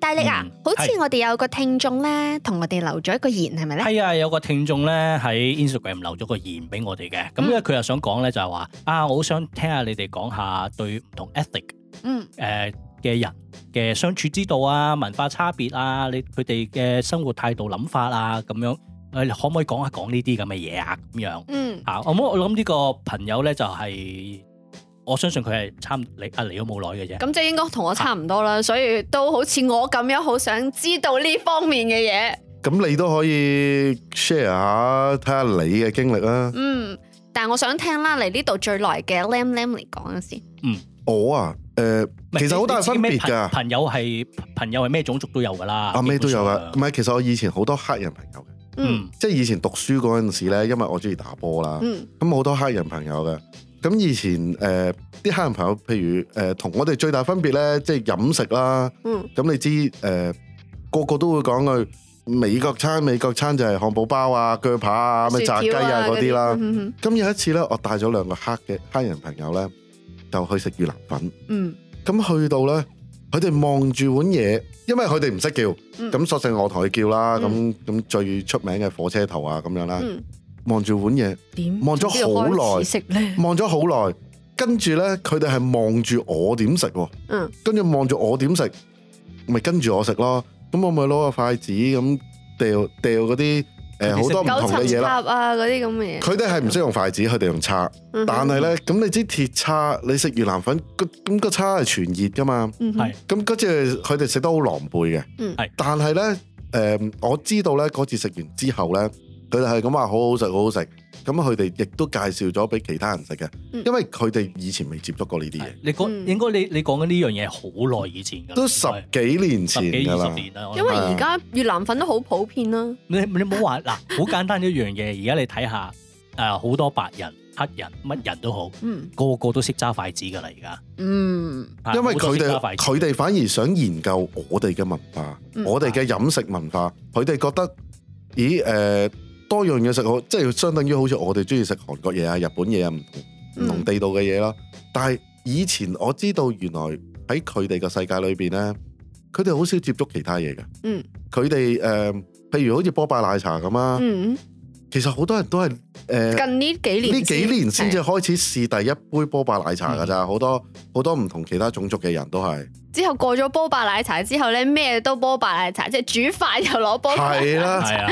大力啊！好似我哋有個聽眾咧，同我哋留咗一個言，係咪咧？係啊，有個聽眾咧，喺 Instagram 留咗個言俾我哋嘅。咁咧佢又想講咧就係話啊，我好想聽下你哋講下對唔同 ethnic，嗯誒嘅人嘅相處之道啊，文化差別啊，你佢哋嘅生活態度諗法啊，咁樣誒，可唔可以講一講呢啲咁嘅嘢啊？咁樣嗯吓，我我諗呢個朋友咧就係。我相信佢係差唔多嚟咗冇耐嘅啫。咁即係應該同我差唔多啦，啊、所以都好似我咁樣，好想知道呢方面嘅嘢。咁你都可以 share 下睇下你嘅經歷啦。嗯，但係我想聽啦嚟呢度最耐嘅 Lam Lam 嚟講先。講嗯，我啊，誒、呃，不其實好大分別噶。什麼朋友係、啊、朋友係咩種族都有噶啦，阿咩、啊、都有噶。唔係，其實我以前好多黑人朋友嘅。嗯，即係以前讀書嗰陣時咧，因為我中意打波啦。嗯，咁好多黑人朋友嘅。咁以前誒啲黑人朋友，譬如誒同、呃、我哋最大分別咧，即係飲食啦。嗯。咁你知誒、呃、個個都會講句美國餐，美國餐就係漢堡包啊、鋸扒啊、咩炸雞啊嗰啲、啊、啦。咁、嗯嗯嗯、有一次咧，我帶咗兩個黑嘅黑人朋友咧，就去食越南粉。嗯。咁去到咧，佢哋望住碗嘢，因為佢哋唔識叫。咁、嗯、索性我同佢叫啦。咁咁、嗯、最出名嘅火車頭啊，咁樣啦。嗯望住碗嘢，望咗好耐，望咗好耐，跟住咧，佢哋係望住我點食，嗯，著著跟住望住我點食，咪跟住我食咯。咁我咪攞個筷子咁掉掉嗰啲誒好多唔同嘅嘢啦。啊，啲咁嘅嘢。佢哋係唔識用筷子，佢哋用叉。嗯、哼但係咧，咁、嗯、哼你知鐵叉，你食越南粉咁個叉係全熱噶嘛？係、嗯哼。咁嗰次佢哋食得好狼狽嘅。係、嗯。但係咧，誒、呃，我知道咧嗰次食完之後咧。佢哋係咁話，好好食，好好食。咁佢哋亦都介紹咗俾其他人食嘅，因為佢哋以前未接觸過呢啲嘢。你講，應該你你講緊呢樣嘢好耐以前噶，都十幾年前、十幾二十年啦。因為而家越南粉都好普遍啦。你你唔好話，嗱，好簡單一樣嘢。而家你睇下，誒好多白人、黑人、乜人都好，嗯，個個都識揸筷子噶啦。而家，嗯，因為佢哋佢哋反而想研究我哋嘅文化，我哋嘅飲食文化，佢哋覺得，咦誒？多樣嘢食，好，即係相當於好似我哋中意食韓國嘢啊、日本嘢啊，唔同唔同地道嘅嘢啦。嗯、但係以前我知道原來喺佢哋個世界裏面，咧，佢哋好少接觸其他嘢嘅。嗯，佢哋誒，譬如好似波霸奶茶咁啦。嗯。其實好多人都係誒，呃、近呢幾年呢幾年先至開始試第一杯波霸奶茶噶咋，好是的 多好多唔同其他種族嘅人都係。之後過咗波霸奶茶之後咧，咩都波霸奶茶，即係煮飯又攞波霸奶茶。係啦係啦。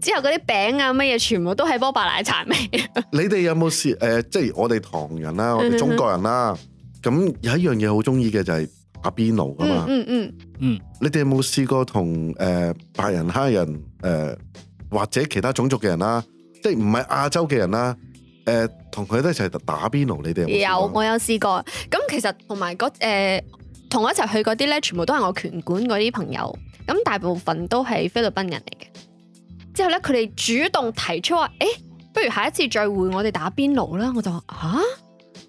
之後嗰啲餅啊乜嘢，全部都係波霸奶茶味。是的 你哋有冇試誒、呃？即係我哋唐人啦，我哋中國人啦，咁、嗯、哼 有一樣嘢好中意嘅就係、是、打邊爐啊嘛。嗯嗯嗯。你哋有冇試過同誒、呃、白人黑人誒？呃或者其他種族嘅人啦，即係唔係亞洲嘅人啦，誒、呃，同佢哋一齊打邊爐，你哋有，有，有？我有試過，咁其實同埋誒，同、呃、我一齊去嗰啲咧，全部都係我拳館嗰啲朋友，咁大部分都係菲律賓人嚟嘅。之後咧，佢哋主動提出話：，誒、欸，不如下一次聚會我哋打邊爐啦。我就話：，啊，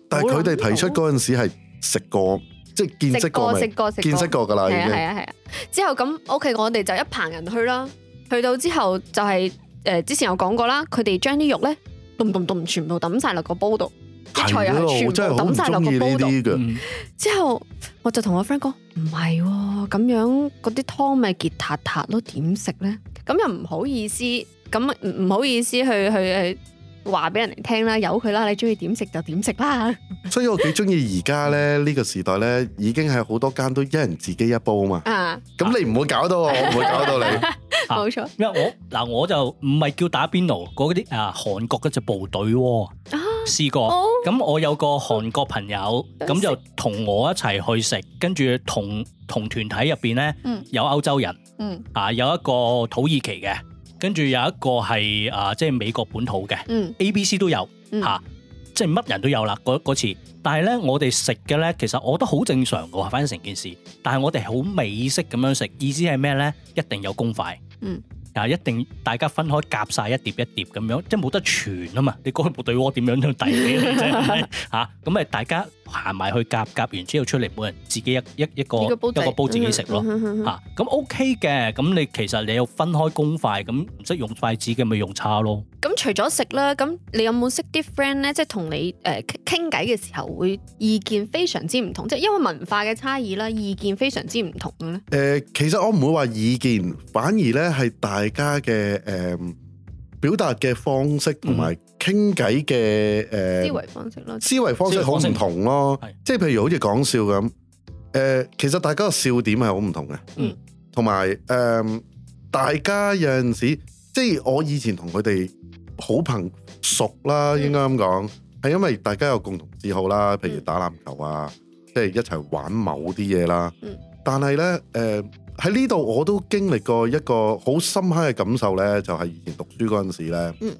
但係佢哋提出嗰陣時係食過，即係見識過、就是，食過，食過食過食過見識過噶啦。係啊，係啊，係啊。之後咁，OK，我哋就一棚人去啦。去到之後就係、是、誒、呃、之前有講過啦，佢哋將啲肉咧，咚咚咚全部抌晒落個煲度，啲菜又係全部抌晒落個煲度。之後我就同我 friend 講唔係喎，咁、啊、樣嗰啲湯咪結塌塌咯，點食咧？咁又唔好意思，咁唔好意思去去去。去話俾人哋聽啦，由佢啦，你中意點食就點食啦。所以我幾中意而家咧呢個時代咧，已經係好多間都一人自己一煲啊嘛。咁你唔會搞到我，我唔會搞到你。冇錯，因為我嗱我就唔係叫打邊爐，嗰啲啊韓國嗰隻部隊鍋試過。咁我有個韓國朋友，咁就同我一齊去食，跟住同同團體入邊咧有歐洲人，啊有一個土耳其嘅。跟住有一個係啊、呃，即係美國本土嘅、嗯，ABC 都有嚇、嗯啊，即係乜人都有啦嗰次。但係咧，我哋食嘅咧，其實我覺得好正常嘅，反正成件事。但係我哋好美式咁樣食，意思係咩咧？一定有公筷，嗯，啊，一定大家分開夾晒一碟一碟咁樣，即係冇得傳啊嘛。你嗰部隊鍋點樣樣遞俾你啫？嚇，咁啊，大家，行埋去夾夾完之後出嚟，每人自己一一一,一,一個一個煲自己食咯嚇。咁 OK 嘅，咁你其實你要分開公筷，咁唔識用筷子嘅咪用叉咯。咁除咗食啦，咁你有冇識啲 friend 咧？即係同你誒傾偈嘅時候，會意見非常之唔同，即係因為文化嘅差異啦，意見非常之唔同咧。誒，其實我唔會話意見，反而咧係大家嘅誒表達嘅方式同埋、嗯。傾偈嘅誒，呃、思維方式咯，思維方式好唔同咯，即係譬如好似講笑咁，誒是、呃，其實大家嘅笑點係好唔同嘅，嗯，同埋誒，大家有陣時，即係我以前同佢哋好朋熟啦，嗯、應該咁講，係因為大家有共同嗜好啦，譬如打籃球啊，嗯、即係一齊玩某啲嘢啦，嗯、但係咧，誒、呃，喺呢度我都經歷過一個好深刻嘅感受咧，就係、是、以前讀書嗰陣時咧，嗯。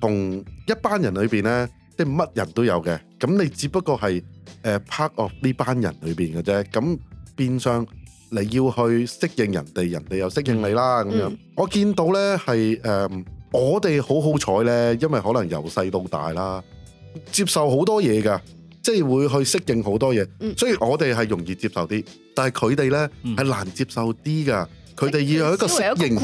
同一班人裏面呢，即係乜人都有嘅。咁你只不過係誒 part of 呢班人裏面嘅啫。咁變相你要去適應人哋，人哋又適應你啦。咁、嗯、樣、嗯、我見到呢係、呃、我哋好好彩呢，因為可能由細到大啦，接受好多嘢㗎，即係會去適應好多嘢，嗯、所以我哋係容易接受啲。但係佢哋呢係、嗯、難接受啲㗎。佢哋要有一個適應，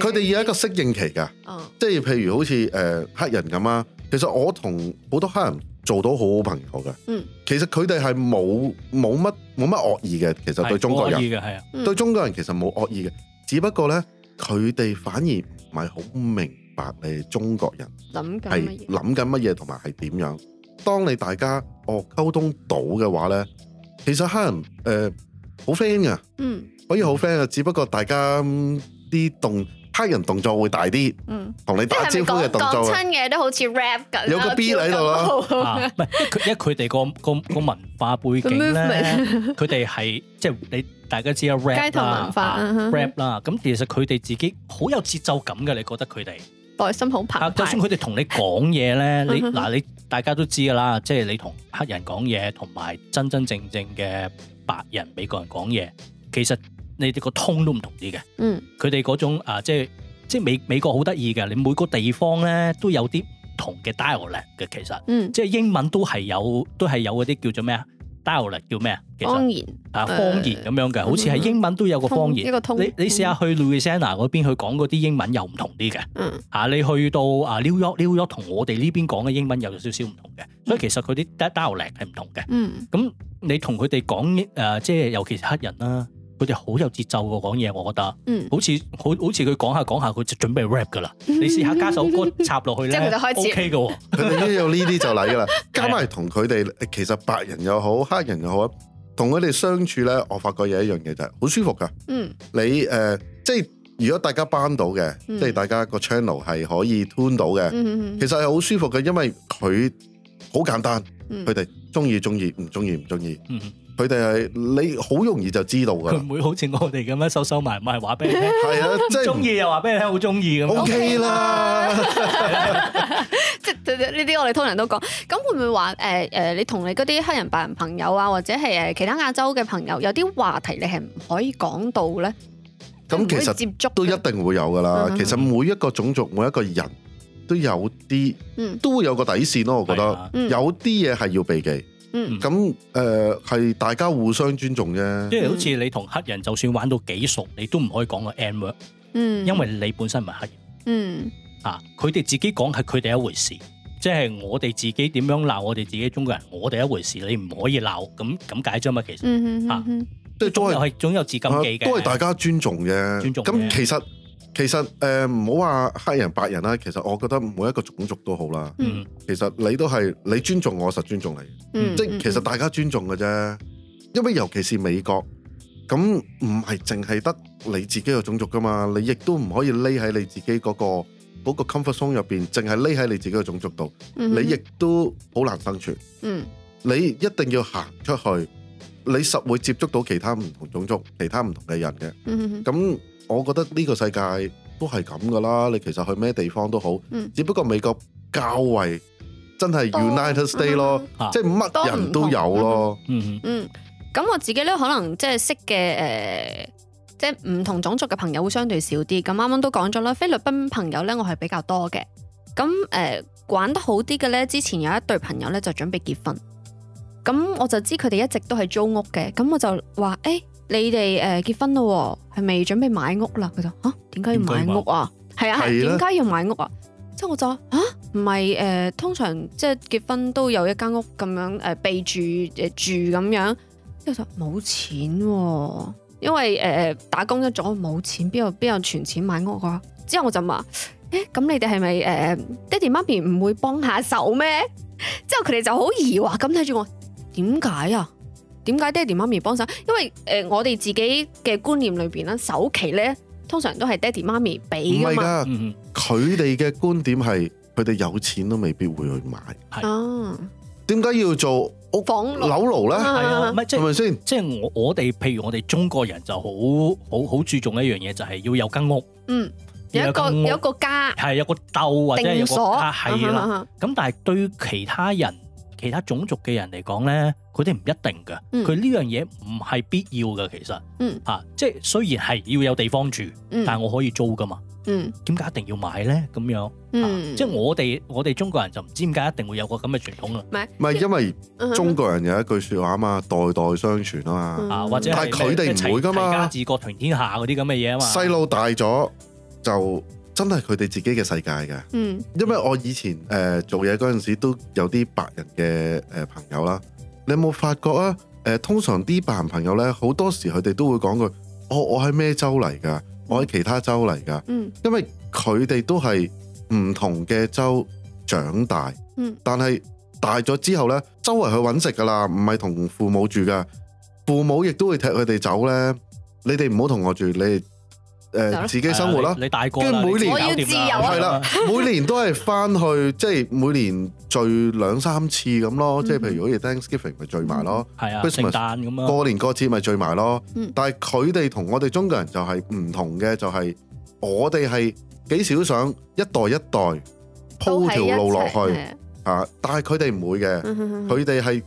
佢哋要有一個適應期㗎。哦、即係譬如好似誒黑人咁啦，其實我同好多黑人做到好好朋友㗎。嗯、其實佢哋係冇冇乜冇乜惡意嘅。其實對中國人，惡啊，對中國人其實冇惡意嘅。嗯、只不過咧，佢哋反而唔係好明白你哋中國人係諗緊乜嘢，同埋係點樣。當你大家哦溝通到嘅話咧，其實黑人誒好 friend 㗎。呃可以好 friend 啊，只不過大家啲動黑人動作會大啲，同你打招呼嘅動作啊，講親嘅都好似 rap 咁。有個 B 喺度咯，係因為，一佢一佢哋個個個文化背景咧，佢哋係即係你大家知啊 rap，街頭文化，rap 啦，咁其實佢哋自己好有節奏感嘅，你覺得佢哋內心好澎湃。就算佢哋同你講嘢咧，你嗱你大家都知㗎啦，即係你同黑人講嘢，同埋真真正正嘅白人美國人講嘢，其實。你哋個通都唔同啲嘅、嗯，嗯，佢哋嗰種啊，即係即係美美國好得意嘅，你每個地方咧都有啲唔同嘅 dialect 嘅，其實，嗯、即係英文都係有，都係有嗰啲叫做咩啊，dialect 叫咩其實啊，方言啊，方言咁樣嘅，好似係英文都有個方言，嗯嗯、一個通。你你試下去 Louisiana 嗰邊去講嗰啲英文又唔同啲嘅，嗯、啊，你去到啊 New York，New York 同我哋呢邊講嘅英文又有少少唔同嘅，所以其實嗰啲 dialect 係唔同嘅，嗯，嗯你跟他們，咁你同佢哋講誒，即係尤其是黑人啦、啊。佢哋好有節奏嘅講嘢，我覺得，嗯、好似好好似佢講下講下，佢就準備 rap 噶啦。嗯、你試下加首歌插落去咧，即係佢就開始嘅。呢啲就嚟啦，加埋同佢哋，其實白人又好，黑人又好，同佢哋相處咧，我發覺有一樣嘢就係好舒服噶。嗯你，你、呃、即係如果大家班到嘅，嗯、即係大家個 channel 係可以 tune 到嘅，嗯嗯嗯其實係好舒服嘅，因為佢好簡單。佢哋中意中意，唔中意唔中意。佢哋係你好容易就知道噶，佢唔會好似我哋咁樣收收埋埋話俾你聽，係 啊，即係中意又話俾你聽好中意咁。 OK 啦了，即係呢啲我哋通常都講。咁會唔會話誒誒，你同你嗰啲黑人白人朋友啊，或者係誒其他亞洲嘅朋友，有啲話題你係唔可以講到咧？咁其實接觸都一定會有噶啦。其實每一個種族每一個人都有啲，嗯、都會有個底線咯。我覺得是、啊、有啲嘢係要避忌。嗯，咁誒係大家互相尊重啫。即係、嗯、好似你同黑人就算玩到幾熟，你都唔可以講個 N word，嗯，因為你本身唔係黑人，嗯啊，佢哋自己講係佢哋一回事，即、就、係、是、我哋自己點樣鬧我哋自己中國人，我哋一回事，你唔可以鬧，咁咁解啫嘛，其實，嚇、啊，即係都係總有自禁忌嘅、啊，都係大家尊重嘅，尊重。咁其實。其實誒，唔好話黑人白人啦。其實我覺得每一個種族都好啦。嗯，其實你都係你尊重我，我實尊重你。嗯、即、嗯、其實大家尊重嘅啫。因為尤其是美國，咁唔係淨係得你自己嘅種族噶嘛。你亦都唔可以匿喺你自己嗰、嗰個嗰、嗰個 comfort zone 入邊，淨係匿喺你自己嘅種族度，你亦都好難生存。嗯，你一定要行出去，你實會接觸到其他唔同種族、其他唔同嘅人嘅。咁、嗯。嗯我覺得呢個世界都係咁噶啦，你其實去咩地方都好，嗯、只不過美國較為真係 United States 咯，嗯嗯、 即係乜人都有咯。嗯，咁、嗯嗯嗯、我自己咧可能即係識嘅誒，即係唔同種族嘅朋友會相對少啲。咁啱啱都講咗啦，菲律賓朋友咧我係比較多嘅。咁誒、呃、玩得好啲嘅咧，之前有一對朋友咧就準備結婚，咁我就知佢哋一直都係租屋嘅，咁我就話誒。欸你哋誒結婚咯喎，係咪準備買屋啦？佢就嚇點解要買屋啊？係啊係，點解要買屋啊？之後的我就啊，唔係誒，通常即係結婚都有一間屋咁樣誒備、呃、住誒、呃、住咁樣。之後就冇錢喎、啊，因為誒、呃、打工咗咗冇錢，邊度邊度存錢買屋㗎？之後我就問誒，咁、欸、你哋係咪誒爹哋媽咪唔會幫下手咩？之後佢哋就好疑惑咁睇住我，點解啊？點解爹哋媽咪幫手？因為誒，我哋自己嘅觀念裏邊咧，首期咧通常都係爹哋媽咪俾噶嘛。佢哋嘅觀點係，佢哋有錢都未必會去買。係啊，點解要做房樓樓咧？係啊，唔係係咪先？即係我我哋，譬如我哋中國人就好好好注重一樣嘢，就係要有間屋。嗯，有一個有一個家，係有個竇或者有個啊，係啦。咁但係對其他人。其他種族嘅人嚟講咧，佢哋唔一定噶，佢呢樣嘢唔係必要嘅，其實，嚇、嗯啊，即係雖然係要有地方住，嗯、但係我可以租噶嘛，點解、嗯、一定要買咧？咁樣，嗯啊、即係我哋我哋中國人就唔知點解一定會有個咁嘅傳統啦。唔係因為中國人有一句説話啊嘛，代代相傳嘛、嗯、啊嘛，或者係佢哋唔會噶嘛、家治國平天下嗰啲咁嘅嘢啊嘛。細路大咗就。真係佢哋自己嘅世界嘅，嗯、因為我以前誒做嘢嗰陣時都有啲白人嘅誒、呃、朋友啦。你有冇發覺啊？誒、呃，通常啲白人朋友咧，好多時佢哋都會講句：我我喺咩州嚟噶？我喺其他州嚟噶。嗯，因為佢哋都係唔同嘅州長大。嗯，但係大咗之後咧，周圍去揾食噶啦，唔係同父母住噶。父母亦都會踢佢哋走咧。你哋唔好同我住，你。誒自己生活啦，跟住每年搞掂啦，係啦，每年都係翻去，即係每年聚兩三次咁咯。即係譬如好似 Thanksgiving 咪聚埋咯，係啊，聖誕咁啊，過年過節咪聚埋咯。但係佢哋同我哋中國人就係唔同嘅，就係我哋係幾少想一代一代鋪條路落去啊！但係佢哋唔會嘅，佢哋係。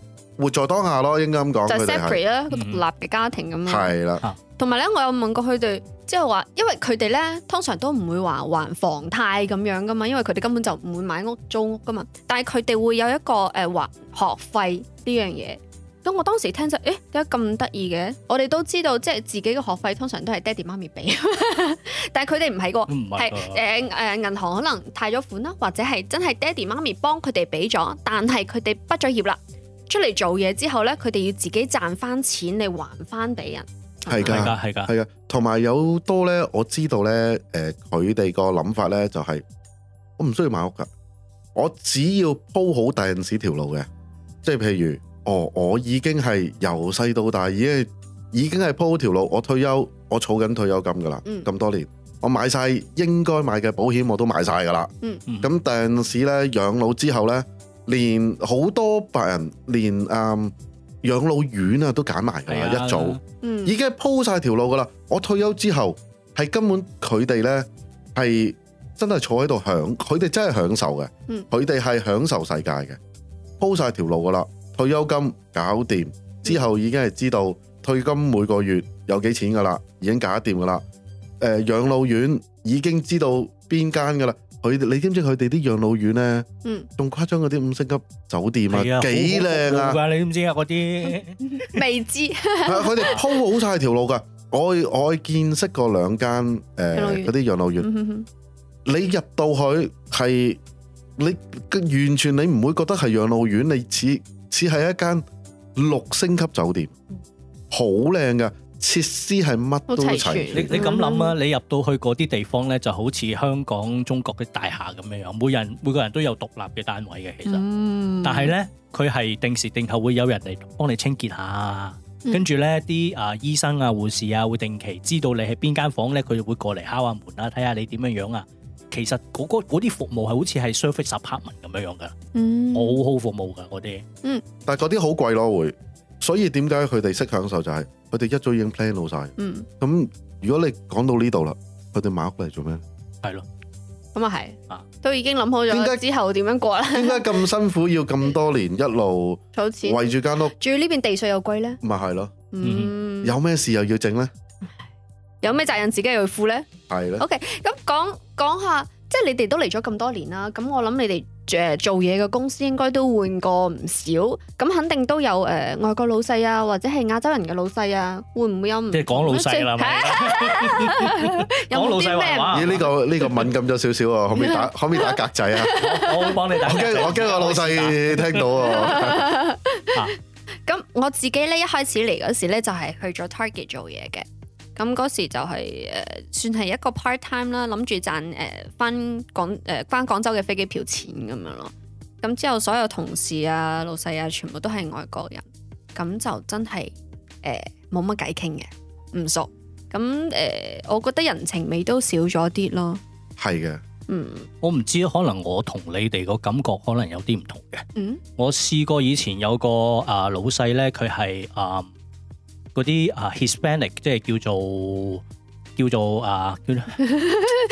活在當下咯，應該咁講佢哋係就 separate 個獨立嘅家庭咁咯，係啦的。同埋咧，我有問過佢哋，即係話，因為佢哋咧通常都唔會話還，還房貸咁樣噶嘛，因為佢哋根本就唔會買屋租屋噶嘛。但係佢哋會有一個誒還、呃、學費呢樣嘢。咁我當時聽就誒點解咁得意嘅？我哋都知道，即係自己嘅學費通常都係爹哋媽咪俾， 但係佢哋唔係喎，係誒誒銀行可能貸咗款啦，或者係真係爹哋媽咪幫佢哋俾咗，但係佢哋畢咗業啦。出嚟做嘢之後咧，佢哋要自己賺翻錢嚟還翻俾人，係噶係噶係噶，係噶，同埋有多咧，我知道咧、就是，誒，佢哋個諗法咧就係我唔需要買屋噶，我只要鋪好第陣時條路嘅，即係譬如，哦，我已經係由細到大已經係已經係鋪好條路，我退休，我儲緊退休金噶啦，咁、嗯、多年，我買晒應該買嘅保險，我都買晒噶啦，咁第陣時咧，養老之後咧。連好多白人，連誒、嗯、養老院啊都揀埋噶啦，一早已經鋪晒條路噶啦。嗯、我退休之後，係根本佢哋呢係真係坐喺度享，佢哋真係享受嘅。佢哋係享受世界嘅，鋪晒條路噶啦。退休金搞掂之後，已經係知道退金每個月有幾錢噶啦，已經搞掂噶啦。誒、呃、養老院已經知道邊間噶啦。佢，你知唔知佢哋啲養老院咧？嗯，仲誇張嗰啲五星級酒店啊，幾靚啊！你知唔知啊？嗰啲未知。係啊，佢哋鋪好晒條路㗎。我我見識過兩間誒、嗰啲養老院。你入到去係，你完全你唔會覺得係養老院，你似似係一間六星級酒店，好靚㗎。設施係乜都齊你，你你咁諗啊？你入到去嗰啲地方咧，就好似香港中國嘅大廈咁樣樣，每人每個人都有獨立嘅單位嘅，其實，嗯、但係咧，佢係定時定候會有人嚟幫你清潔下，跟住咧啲啊醫生啊護士啊會定期知道你喺邊間房咧，佢就會過嚟敲下門啦、啊，睇下你點樣樣啊。其實嗰、那、啲、個、服務係好似係 service apartment 咁樣樣㗎，好、嗯、好服務㗎嗰啲。嗯、但係嗰啲好貴咯，會，所以點解佢哋識享受就係、是。佢哋一早已經 plan 好晒，嗯，咁如果你講到呢度啦，佢哋買屋嚟做咩？係咯，咁啊係，啊都已經諗好咗，點解之後點樣過咧？點解咁辛苦要咁多年一路，儲錢圍住間屋，住呢邊地稅又貴咧，咪係咯，嗯，有咩事又要整咧？有咩責任自己又要負咧？係咯，OK，咁講講下，即係你哋都嚟咗咁多年啦，咁我諗你哋。做嘢嘅公司應該都換過唔少，咁肯定都有誒、呃、外國老細啊，或者係亞洲人嘅老細啊，會唔會有？即係講老細啦，講 老細話。咦？呢、欸呢個呢、呢個敏感咗少少喎，可唔 可以打可唔可以打格仔啊？我會幫你打我。我驚我老細聽到啊。咁 我自己咧，一開始嚟嗰時咧，就係、係、去咗 Target 做嘢嘅。咁嗰時就係、是、誒、呃、算係一個 part time 啦，諗住賺誒返廣誒返廣州嘅飛機票錢咁樣咯。咁之後所有同事啊、老細啊，全部都係外國人，咁就真係誒冇乜偈傾嘅，唔、呃、熟。咁誒、呃，我覺得人情味都少咗啲咯。係嘅的，嗯。我唔知可能我同你哋個感覺可能有啲唔同嘅。嗯。我試過以前有個啊、呃、老細咧，佢係誒。呃嗰啲啊，Hispanic 即係叫做叫做啊叫做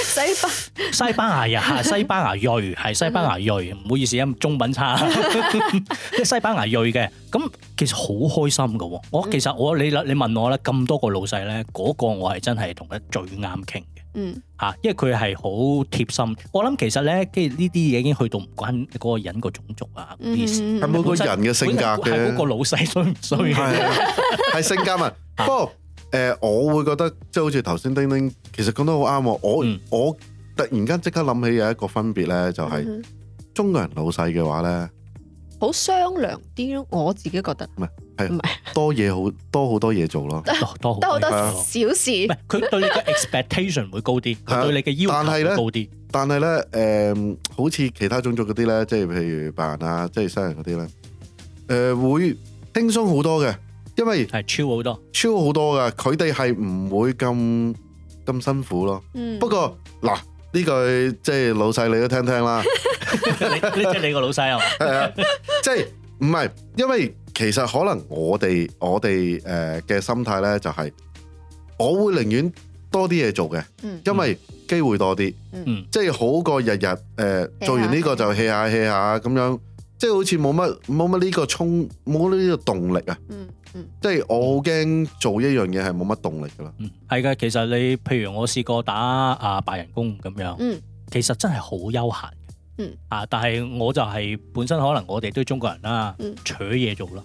西班，西班牙人，西班牙裔係 西班牙裔，唔好意思啊，中文差，西班牙裔嘅，咁其實好開心嘅喎，我、哦、其實我你你問我咧，咁多個老細咧，嗰個我係真係同佢最啱傾。嗯，吓，因為佢係好貼心，我諗其實咧，即係呢啲嘢已經去到唔關嗰個人個種族啊，啲事係每個人嘅性格嘅，係性格問題。不過，誒，我會覺得即係好似頭先叮叮，其實講得好啱。我我突然間即刻諗起有一個分別咧，就係中國人老細嘅話咧，好商量啲咯。我自己覺得。係多嘢好多好多嘢做咯，多好多小事。唔係佢對你嘅 expectation 會高啲，佢對你嘅要求高啲。但係咧，誒，好似其他種族嗰啲咧，即係譬如白人啊，即係西人嗰啲咧，誒，會輕鬆好多嘅，因為係超好多，超好多噶,佢哋係唔會咁咁辛苦咯。嗯，不過嗱，呢句即係老細，你都聽聽啦。你即係你個老細啊？係啊，即係唔係因為。其實可能我哋我哋誒嘅心態咧就係我會寧願多啲嘢做嘅，因為機會多啲。嗯嗯、即係好過日日誒做完呢個就 hea 下 hea 下咁樣，即係好似冇乜冇乜呢個沖冇呢個動力啊！嗯嗯、即係我好驚做一樣嘢係冇乜動力噶啦。係噶，其實你譬如我試過打啊白人工咁樣，其實真係好悠閒。嗯、啊！但係我就係本身可能我哋都係中國人啦，啊，嗯、取嘢做咯。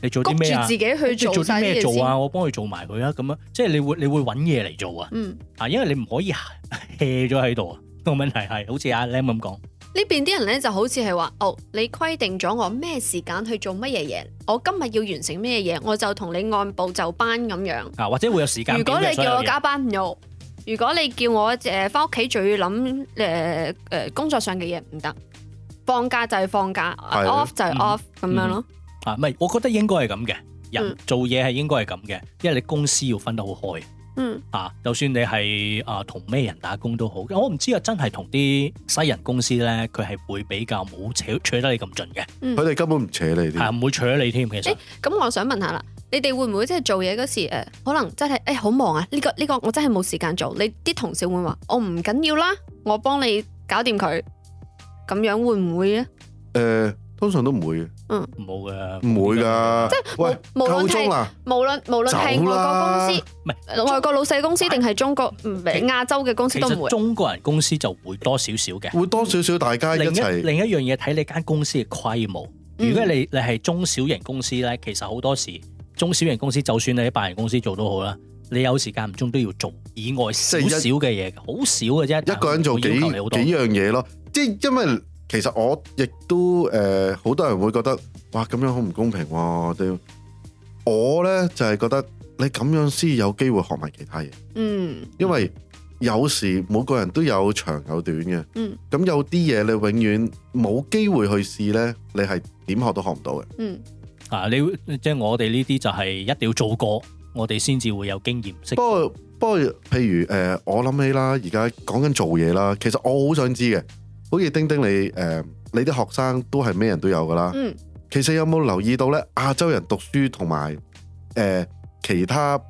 你做啲咩，啊、自己去做咩做，做，啊、做啊？我幫佢做埋佢啊！咁樣即係你會你會揾嘢嚟做啊？嗯、啊，因為你唔可以 hea 咗喺度啊，個問題係好似阿 Lam 咁講。邊呢邊啲人咧就好似係話，哦，你規定咗我咩時間去做乜嘢嘢，我今日要完成咩嘢，我就同你按部就班咁樣。啊，或者會有時間。如果你叫我加班，我班。如果你叫我誒翻屋企仲要諗誒誒工作上嘅嘢唔得，放假就係放假，是的，off 就係 off 咁、嗯、樣咯、嗯嗯。啊，唔係我覺得應該係咁嘅，人、嗯、做嘢係應該係咁嘅，因為你公司要分得好開。嗯。啊，就算你係啊同咩人打工都好，我唔知啊真係同啲西人公司咧，佢係會比較冇扯扯得你咁盡嘅，佢哋、嗯、根本唔扯你。係唔會扯你添其實，誒，咁我想問下啦。你哋會唔會即係做嘢嗰時誒？可能真係誒，好、欸、忙啊！呢個呢個我真係冇時間做。你啲同事會話我唔緊要啦，我幫你搞掂佢。咁樣會唔會啊？誒、呃，通常都唔會嘅。嗯，㗎，嘅，唔會噶。即係無論無論無論無論係外國公司，唔係啦外國老細公司定係實中國亞洲嘅公司都唔會。中國人公司就會多少少嘅，會多少少大家一齊。另一樣嘢睇你間公司嘅規模。嗯、如果你你係中小型公司咧，其實好多時。中小型公司就算你喺大型公司做都好啦，你有時間唔中都要做意外少少嘅嘢，好少嘅啫。有有一個人做幾幾樣嘢咯，即係因為其實我亦都誒，好、呃、多人會覺得哇咁樣好唔公平喎、哦！我咧就係、是、覺得你咁樣先有機會學埋其他嘢。嗯，因為有時每個人都有長有短嘅。嗯，咁有啲嘢你永遠冇機會去試咧，你係點學都學唔到嘅。嗯。啊！你即係我哋呢啲就係一定要做過，我哋先至會有經驗。不過不過，譬如誒、呃，我諗起啦，而家講緊做嘢啦，其實我好想知嘅，好似丁丁你誒、呃，你啲學生都係咩人都有噶啦。嗯，其實有冇留意到咧？亞洲人讀書同埋誒其他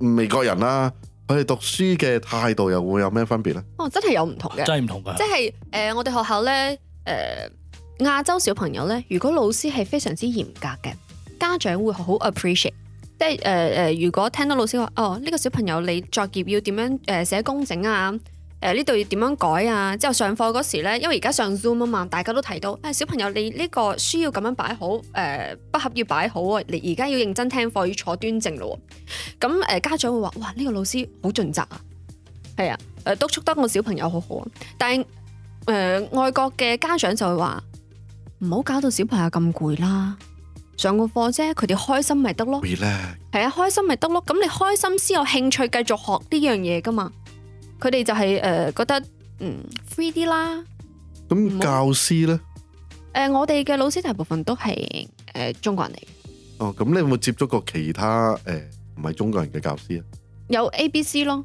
美國人啦、啊，佢哋讀書嘅態度又會有咩分別咧？哦，真係有唔同嘅，真係唔同噶。呵呵，即係誒、呃，我哋學校咧誒，呃、亞洲小朋友咧，如果老師係非常之嚴格嘅。家長會好 appreciate，即係誒誒，如果聽到老師話哦，呢個小朋友你作業要點樣誒寫工整啊？誒呢度要點樣改啊？之後上課嗰時咧，因為而家上 Zoom 啊嘛，大家都提到，誒、呃、小朋友你呢個書要咁樣擺好，誒筆盒要擺好喎，你而家要認真聽課，要坐端正咯、啊。咁誒、呃、家長會話，哇，呢個老師好盡責啊，係啊，誒督促得個小朋友好好啊。但係誒、呃、外國嘅家長就會話，唔好搞到小朋友咁攰啦。上個課啫，佢哋開心咪得咯。relax 係啊，開心咪得咯。咁你開心先有興趣繼續學呢樣嘢噶嘛？佢哋就係、是、誒、呃、覺得嗯 free 啲啦。咁教師咧？誒、呃，我哋嘅老師大部分都係誒、呃、中國人嚟。哦，咁你有冇接觸過其他誒唔係中國人嘅教師啊？有 A、B、C 咯。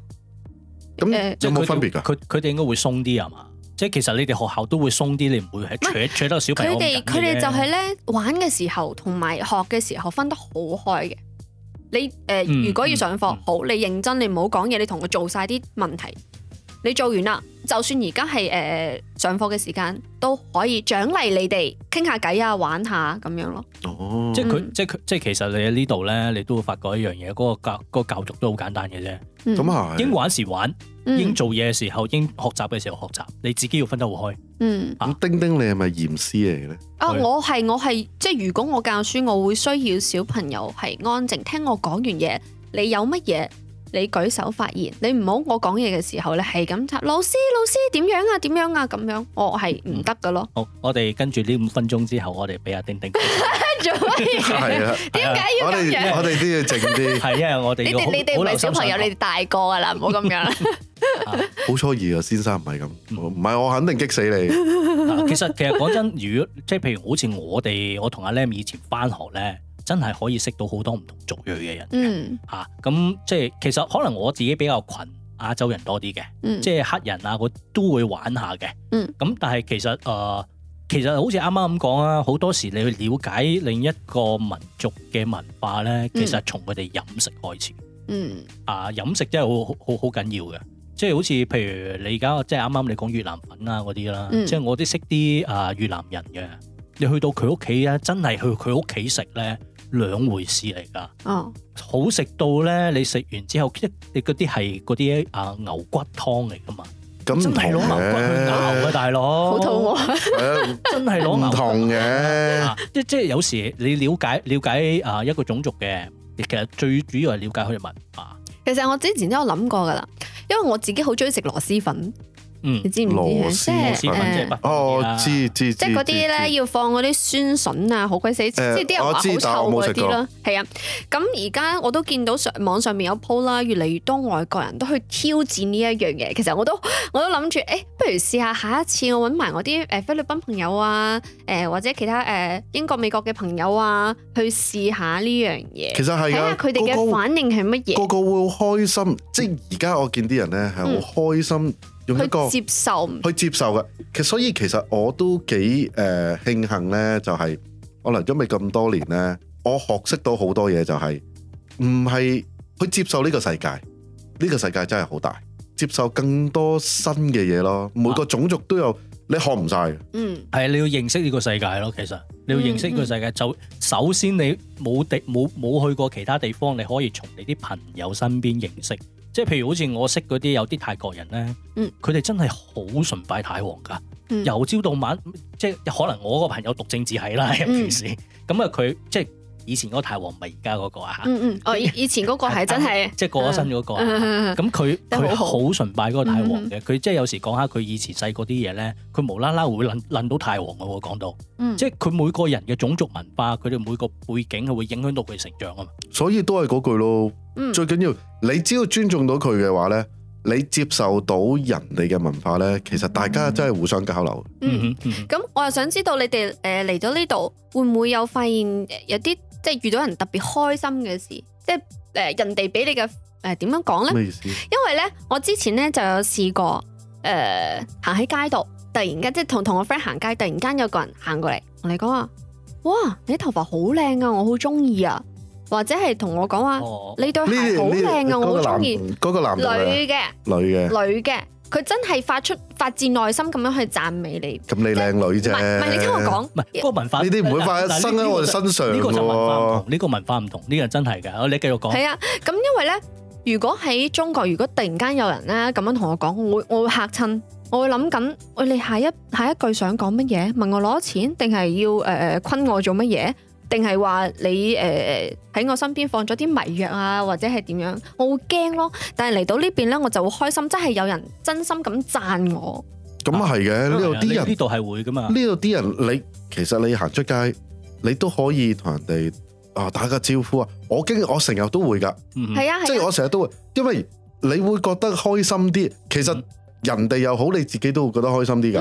咁那、呃、有冇分別噶？佢佢哋應該會鬆啲啊嘛。即係其實你哋學校都會鬆啲，你唔會係扯扯到小朋友。佢哋佢哋就係咧玩嘅時候同埋學嘅時候分得好開嘅。你誒、呃，如果要上課、嗯、好，嗯、你認真，你唔好講嘢，你同佢做晒啲問題，你做完啦，就算而家係誒。呃上課嘅時間都可以獎勵你哋傾下偈啊，玩下咁樣咯。哦，嗯、即係佢，即係佢，即係其實你喺呢度咧，你都會發覺一樣嘢，嗰、嗰個教，嗰個教育都好簡單嘅啫。咁啊、嗯，應該玩時玩，嗯、應該做嘢嘅時候應該學習嘅時候學習，你自己要分得開。嗯，啊，丁丁你係咪嚴師嚟嘅咧？啊，我係我係，即係如果我教書，我會需要小朋友係安靜聽我講完嘢，你有乜嘢？你舉手發言，你唔好我講嘢嘅時候咧係咁插，老師老師點樣啊？點樣啊？咁樣，我係唔得嘅咯。好，我哋跟住呢五分鐘之後，我哋俾阿丁丁。 做乜嘢？係啊、 啊、點解要咁樣？我哋我哋都要靜啲。係因為我哋你哋你哋唔係小朋友， 你哋大個啊啦，唔好咁樣。好初二啊，先生唔係咁，唔係我肯定激死你。其實其實講真，如果即係譬如好似我哋，我同阿 Lam 以前翻學咧。真係可以識到好多唔同族裔嘅人嘅，吓咁、嗯啊、即係其實可能我自己比較群亞洲人多啲嘅，嗯、即係黑人啊，我都會玩下嘅。咁、嗯、但係其實誒、呃，其實好似啱啱咁講啊，好多時你去了解另一個民族嘅文化咧，其實從佢哋飲食開始，嗯啊，飲食真係好好好緊要嘅，即係好似譬如你而家即係啱啱你講越南粉啊嗰啲啦，嗯、即係我都識啲啊越南人嘅，你去到佢屋企啊，真係去佢屋企食咧。兩回事嚟噶，哦、好食到咧！你食完之後，一你嗰啲係嗰啲啊牛骨湯嚟噶嘛？咁真係攞牛骨去熬嘅大佬，好肚餓，也真係攞牛骨嘅、啊。即即有時候你了解了解啊一個種族嘅，其實最主要係了解佢嘅文化。其實我之前都有諗過噶啦，因為我自己好中意食螺螄粉。你知唔知啊？即係誒，知知，即係嗰啲咧要放嗰啲酸筍啊，好鬼死即係啲人話好臭嗰啲咯，係啊。咁而家我都見到上網上面有鋪啦，越嚟越多外國人都去挑戰呢一樣嘢。其實我都我都諗住，誒，不如試下下一次，我揾埋我啲誒菲律賓朋友啊，誒或者其他誒英國美國嘅朋友啊，去試下呢樣嘢。其實係啊，睇下佢哋嘅反應係乜嘢？個個會好開心，即係而家我見啲人咧係好開心，去接受，去接受嘅。其實所以其實我都幾誒慶幸咧，就係我嚟咗咪咁多年咧，我學識到好多嘢，就係唔係去接受呢個世界，呢個世界真係好大，接受更多新嘅嘢咯。每個種族都有你學唔晒嘅。嗯，係啊，你要認識呢個世界咯。其實你要認識呢個世界，就首先你冇地冇冇去過其他地方，你可以從你啲朋友身邊認識。即係譬如好似我認識嗰啲有啲泰國人呢，佢哋、嗯、真係好崇拜泰王㗎。嗯、由朝到晚，即係可能我個朋友讀政治系啦，有邊事。咁啊、嗯，佢即係。以前嗰個太王唔係而家嗰個啊嚇，嗯嗯，哦以前嗰個係真係，即係過咗身嗰個啊嚇，咁佢佢好崇拜嗰個太王嘅，佢即係有時講下佢以前細個啲嘢咧，佢無啦啦會諗諗到太王嘅喎講到，嗯，即係佢每個人嘅種族文化，佢哋每個背景係會影響到佢成長啊嘛，所以都係嗰句咯，嗯，最緊要你只要尊重到佢嘅話咧，你接受到人哋嘅文化咧，其實大家真係互相交流，咁，嗯嗯嗯嗯，我又想知道你哋誒嚟咗呢度會唔會有發現有啲？即係遇到人特別開心嘅事，即係誒、呃、人哋俾你嘅誒點樣講咧？因為咧，我之前咧就有試過誒行喺街度，突然間即係同同我 friend 行街，突然間有個人行過嚟，同你講話，哇你頭髮好靚啊，我好中意啊，或者係同我講話，哦、你對鞋好靚啊，我好中意嗰個男女嘅的女嘅女嘅。女佢真係發出發自內心咁樣去讚美你。咁你靚女啫。唔係你聽我講，唔係個文化。呢啲唔會發生喺我哋身上喎。呢個就文化唔同。呢個文化唔同。呢個真係㗎。哦，你繼續講。係啊，咁因為咧，如果喺中國，如果突然間有人咧咁樣同我講，我我會嚇親，我會諗緊，喂你下一下一句想講乜嘢？問我攞錢定係要誒誒困我做乜嘢？定係話你誒喺、呃、我身邊放咗啲迷藥啊，或者係點樣？我會驚咯。但係嚟到呢邊呢，我就會開心，即係有人真心咁讚我。咁啊係嘅，呢度啲人，呢度係會噶嘛？呢度啲人，你其實你行出街，你都可以同人哋啊打個招呼啊。我驚我成日都會噶，係啊、嗯哼，即係我成日都會，因為你會覺得開心啲。其實人哋又好，你自己都會覺得開心啲噶。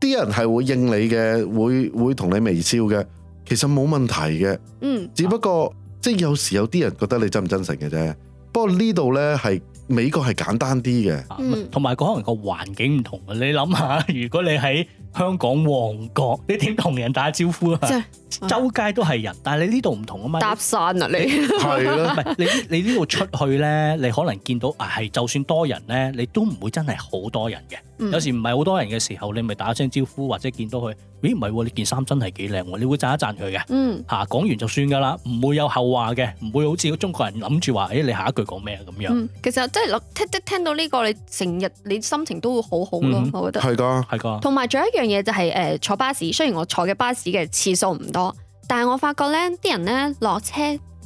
啲、嗯、人係會應你嘅，會會同你微笑嘅。其實冇問題嘅，嗯、只不過、啊、即係有時有啲人覺得你真唔真實嘅啫。不過這裡呢度咧係美國係簡單啲嘅，同埋、啊嗯、可能個環境唔同啊。你諗下，如果你喺～香港旺角，你點同人打招呼啊？即係周街都係人，但係你呢度唔同啊嘛。搭訕啊你！係咯，唔係你你呢度出去咧，你可能見到啊係，就算多人咧，你都唔會真係好多人嘅。嗯、有時唔係好多人嘅時候，你咪打一聲招呼，或者見到佢，咦唔係喎？你件衫真係幾靚喎！你會贊一贊佢嘅。嗯、啊。吓講完就算㗎啦，唔會有後話嘅，唔會好似中國人諗住話，誒、欸、你下一句講咩咁樣、嗯。其實真、就、係、是、聽，聽到呢、這個，你成日你心情都會很好好咯，嗯、我覺得。係㗎，係㗎。同埋仲有一樣。樣嘢就係、是、誒、呃、坐巴士，雖然我坐嘅巴士嘅次數唔多，但係我發覺咧啲人咧落車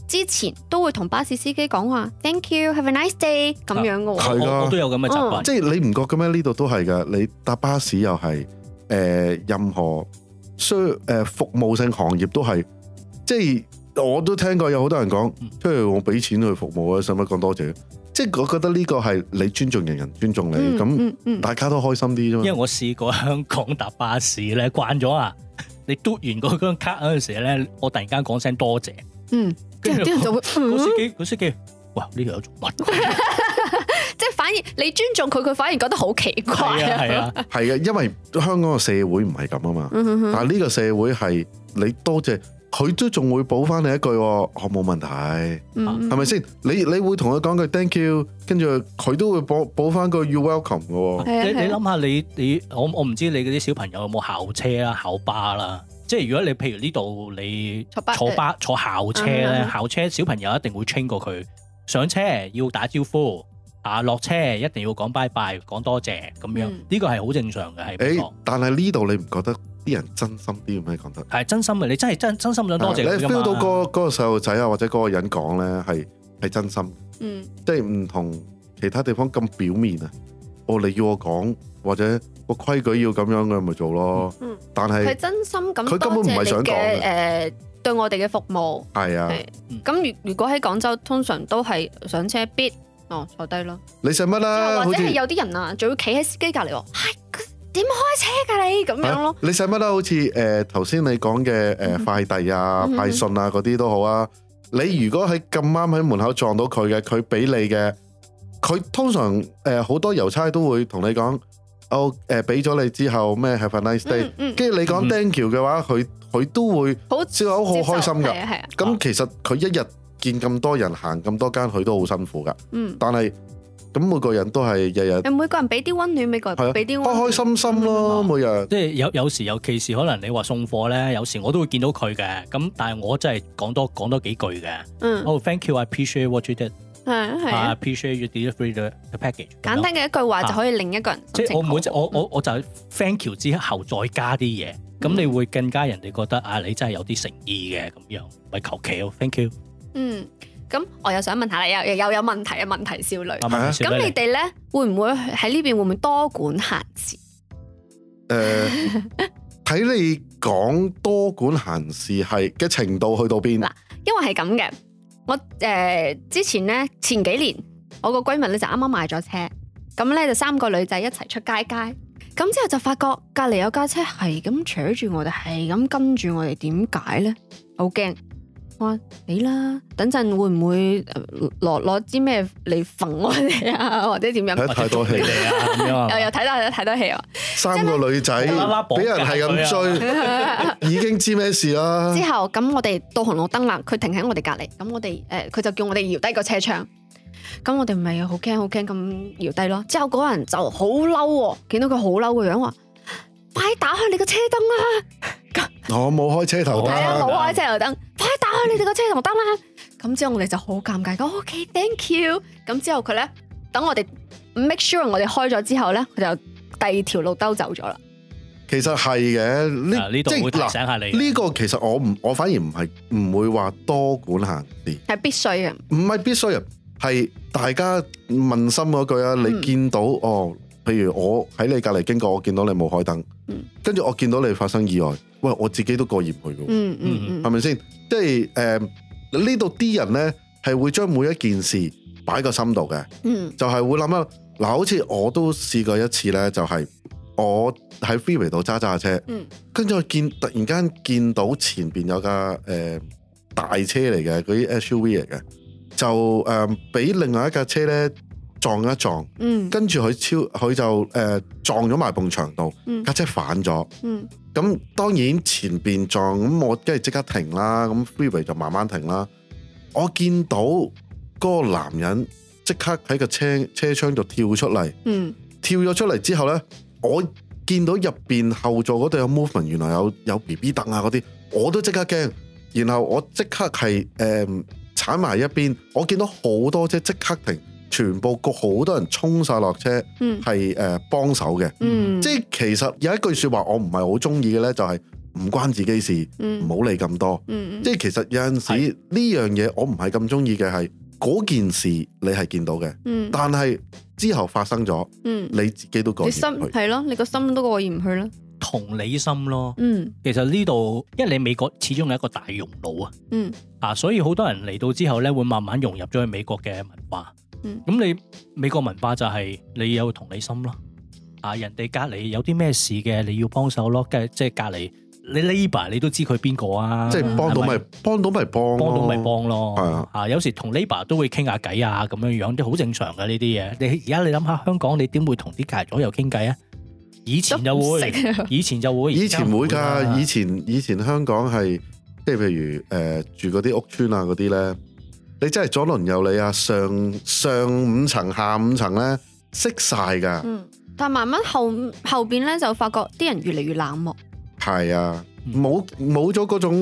之前都會同巴士司機講話，Thank you，have a nice day 咁樣嘅喎，係咯的，都有咁嘅習慣，嗯、即係你唔覺嘅咩？呢度都係噶，你搭巴士又係誒任何需，所、呃、誒服務性行業都係，即係我都聽過有好多人講，嗯、即係我俾錢去服務啊，使乜講多謝？即係我覺得呢個係你尊重的人人，尊重你咁，嗯嗯嗯、大家都開心啲啫，因為我試過香港搭巴士咧，慣咗啊，你嘟完嗰張卡嗰陣時咧，我突然間講聲多謝，謝，嗯，跟住啲人就會個司機，那個司機，哇，呢、這個有做乜？ 即係反而你尊重佢，佢反而覺得好奇怪啊！係啊，係啊，係嘅， 因為香港嘅社會唔係咁啊嘛。嗯、哼哼但係呢個社會係你多謝。佢都仲會補翻你一句，我冇問題，係咪先？你你會同佢講句 Thank you，跟住佢都會補補翻句 You welcome 嘅喎。你想想你諗下，你我我你我我唔知你嗰啲小朋友有冇校車啊？校巴啦，即係如果你譬如呢度你坐巴坐巴坐校車咧，嗯嗯、校車小朋友一定會 training 過佢，上車要打招呼，啊落車一定要講拜拜，e 講多謝咁樣，呢個係好正常嘅，係、欸。我但係呢度你唔覺得？啲人真心啲咁樣講得，係真心嘅，你真係真真心想多謝嘅嘛？你 feel 到嗰嗰個細路仔啊，或者嗰個人講咧係係真心，嗯，即係唔同其他地方咁表面啊。哦，你要我講或者個規矩要咁樣嘅，咪做咯。嗯，但係佢真心咁佢根本唔係想講誒對我哋嘅服務。係啊，咁如如果喺廣州通常都係上車必哦坐低咯。你食乜啊？或者係有啲人啊，仲要企喺司機隔離喎。點開車噶你咁樣咯？你使乜啦？好似誒，頭先你講嘅誒，快遞啊、派信啊嗰啲都好啊。你如果喺咁啱喺門口撞到佢嘅，佢俾你嘅，佢通常誒好多郵差都會同你講，我誒俾咗你之後咩 have a nice day。跟住你講 thank you 嘅話，佢佢都會笑到好開心噶。咁其實佢一日見咁多人行咁多間，佢都好辛苦噶。嗯，但係。咁每個人都係日日，每個人俾啲溫暖，每個人俾啲開開心心咯，每日。即係有有時，尤其是可能你話送貨咧，有時我都會見到佢嘅。咁但係我真係講多講多幾句嘅。哦，thank you，I appreciate what you did。係係。啊，appreciate you delivering the package。簡單嘅一句話就可以令一個人即係我每我我我就 thank you 之後再加啲嘢，咁你會更加人哋覺得啊，你真係有啲誠意嘅咁樣，唔求其哦，thank you。嗯。咁我又想問下你，又又有，有問題嘅問題少女，咁、啊、你哋咧會唔會喺呢邊會唔會多管閒事？誒、呃，睇 你講多管閒事係嘅程度去到邊？嗱，因為係咁嘅，我誒、呃、之前咧前幾年，我個閨蜜咧就啱啱買咗車，咁咧就三個女仔一齊出街街，咁之後就發覺隔籬有架車係咁扯住我哋，係咁跟住我哋，點解咧？好驚！我話你啦，等陣會唔會攞攞支咩嚟縫我哋啊？或者點樣，睇太多戲嚟樣 又又睇多睇是多戲，三個女仔俾人係咁追，啊、已經知咩事啦？之後咁我哋到紅綠燈啦，佢停喺我哋隔籬，咁我哋誒佢就叫我哋搖低個車窗，咁我哋咪好驚好驚咁搖低咯。之後嗰人就好嬲，見到佢好嬲嘅樣，話快打開你個車燈啦、啊！我冇開車頭燈，冇開車頭燈。啊、你哋個車頭燈啦、啊，咁之後我哋就好尷尬。咁 OK，thank、okay, you。咁之後佢咧，等我哋 make sure 我哋開咗之後咧，佢就第二條路兜走咗啦。其實係嘅，呢呢度會提醒下你。呢、啊這個其實我唔，我反而唔係唔會話多管閒事。係必須嘅，唔係必須，係大家問心嗰句啊。你見到、嗯、哦，譬如我喺你隔籬經過，我見到你冇開燈，跟住、嗯、我見到你發生意外。喂，我自己都過意唔去㗎，嗯嗯嗯，係咪先？即係誒，呃、呢度啲人咧，係會將每一件事擺個心度嘅，嗯，就係會諗啊，嗱、呃，好似我都試過一次咧，就係、是、我喺 Freeway 度揸揸下車，嗯，跟住我見突然間見到前邊有一架誒、呃、大車嚟嘅，嗰啲 SUV 嚟嘅，就誒俾、呃、另外一架車咧撞一撞，嗯，跟住佢超佢就誒、呃、撞咗埋埲牆度，架、嗯、車反咗、嗯，嗯。咁當然前邊撞咁，我梗係即刻停啦。咁 freeway 就慢慢停啦。我見到嗰個男人即刻喺個車車窗度跳出嚟，嗯，跳咗出嚟之後呢，我見到入邊後座嗰度有 movement，原來有有 BB 凳啊嗰啲，我都即刻驚，然後我即刻係誒踩埋一邊，我見到好多車即刻停。全部個好多人衝晒落車，係誒幫手嘅。即係其實有一句説話，我唔係好中意嘅咧，就係唔關自己事，唔好理咁多。即係其實有陣時呢樣嘢，我唔係咁中意嘅係嗰件事，你係見到嘅，但係之後發生咗，你自己都過意唔去，係咯？你個心都過意唔去啦，同理心咯。嗯，其實呢度因為你美國始終係一個大熔爐啊，嗯啊，所以好多人嚟到之後咧，會慢慢融入咗去美國嘅文化。咁你美國文化就係、是、你有同理心咯，啊人哋隔離有啲咩事嘅你要幫手咯，即係隔離你 neighbor 你都知佢邊個啊，即係幫到咪、就是、幫到咪幫、啊，幫到咪幫咯。的啊，有時同 neighbor 都會傾下偈啊，咁樣樣都好正常嘅呢啲嘢。你而家你諗下香港你點會同啲隔離友傾偈啊？以前，啊以前就會，以前就會，啊以前會，以前會㗎。以前以前香港係即係譬如、呃、住嗰啲屋村啊嗰啲咧。你真係左鄰右里啊，上上五層、下五層咧，識晒噶。嗯，但慢慢後後邊咧，就發覺啲人越嚟越冷漠。係啊，冇冇咗嗰種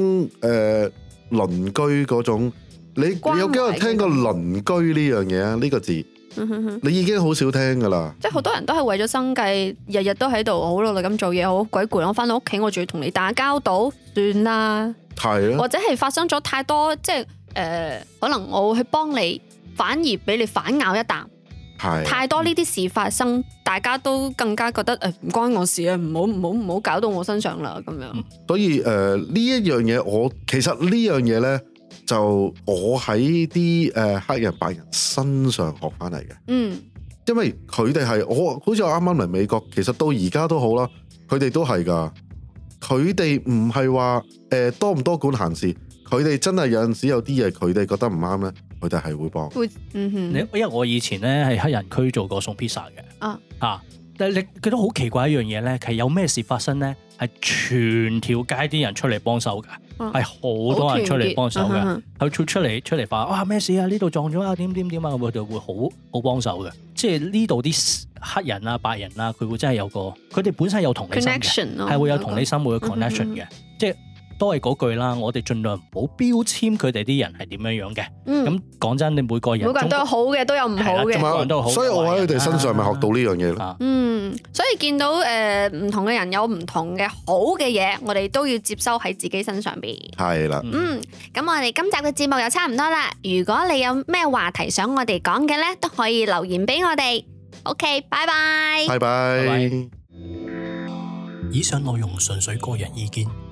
誒鄰、呃、居嗰種。你,你有冇聽過鄰居呢樣嘢啊？呢、這個字，嗯、哼哼你已經好少聽噶啦。即係好多人都係為咗生計，日日都喺度好努力咁做嘢，好鬼攰。我翻到屋企，我仲要同你打交道，算啦。係咯呀。或者係發生咗太多，即係。誒、呃，可能我去幫你，反而俾你反咬一啖。係的太多呢啲事發生，大家都更加覺得誒，唔關我事啊，唔好唔好唔好搞到我身上啦，咁樣。所以誒呢、呃、一樣嘢，我其實這呢樣嘢咧，就我喺啲誒黑人白人身上學翻嚟嘅。嗯，因為佢哋係我，好似我啱啱嚟美國，其實到而家都好啦，佢哋都係噶，佢哋唔係話誒多唔多管閒事。佢哋真係有陣時有啲嘢，佢哋覺得唔啱咧，佢哋係會幫。嗯嗯，因為我以前咧係黑人區做過送 pizza 嘅、啊嗯。啊，嚇！但係你覺得好奇怪一樣嘢咧，其實有咩事發生咧？係全條街啲人出嚟幫手㗎，係好多人出嚟幫手㗎。佢出出嚟出嚟話：哇，咩事啊？呢度撞咗啊？點點點啊？咁佢就會好好幫手嘅。即係呢度啲黑人啊、白人啊，佢會真係有個，佢哋本身有同理心嘅，係會有同理心嘅 connection 嘅，即係、嗯。嗯。都係嗰句啦，我哋盡量唔好標籤佢哋啲人係點樣樣嘅。咁講真，你每個人，每個人都有好嘅，都有唔好嘅。所以我喺佢哋身上咪學到呢樣嘢咯。嗯，所以見到誒唔同嘅人有唔同嘅好嘅嘢，我哋都要接收喺自己身上邊。係啦。嗯，咁我哋今集嘅節目又差唔多啦。如果你有咩話題想我哋講嘅呢，都可以留言俾我哋。OK，拜拜。拜拜。以上內容純粹個人意見。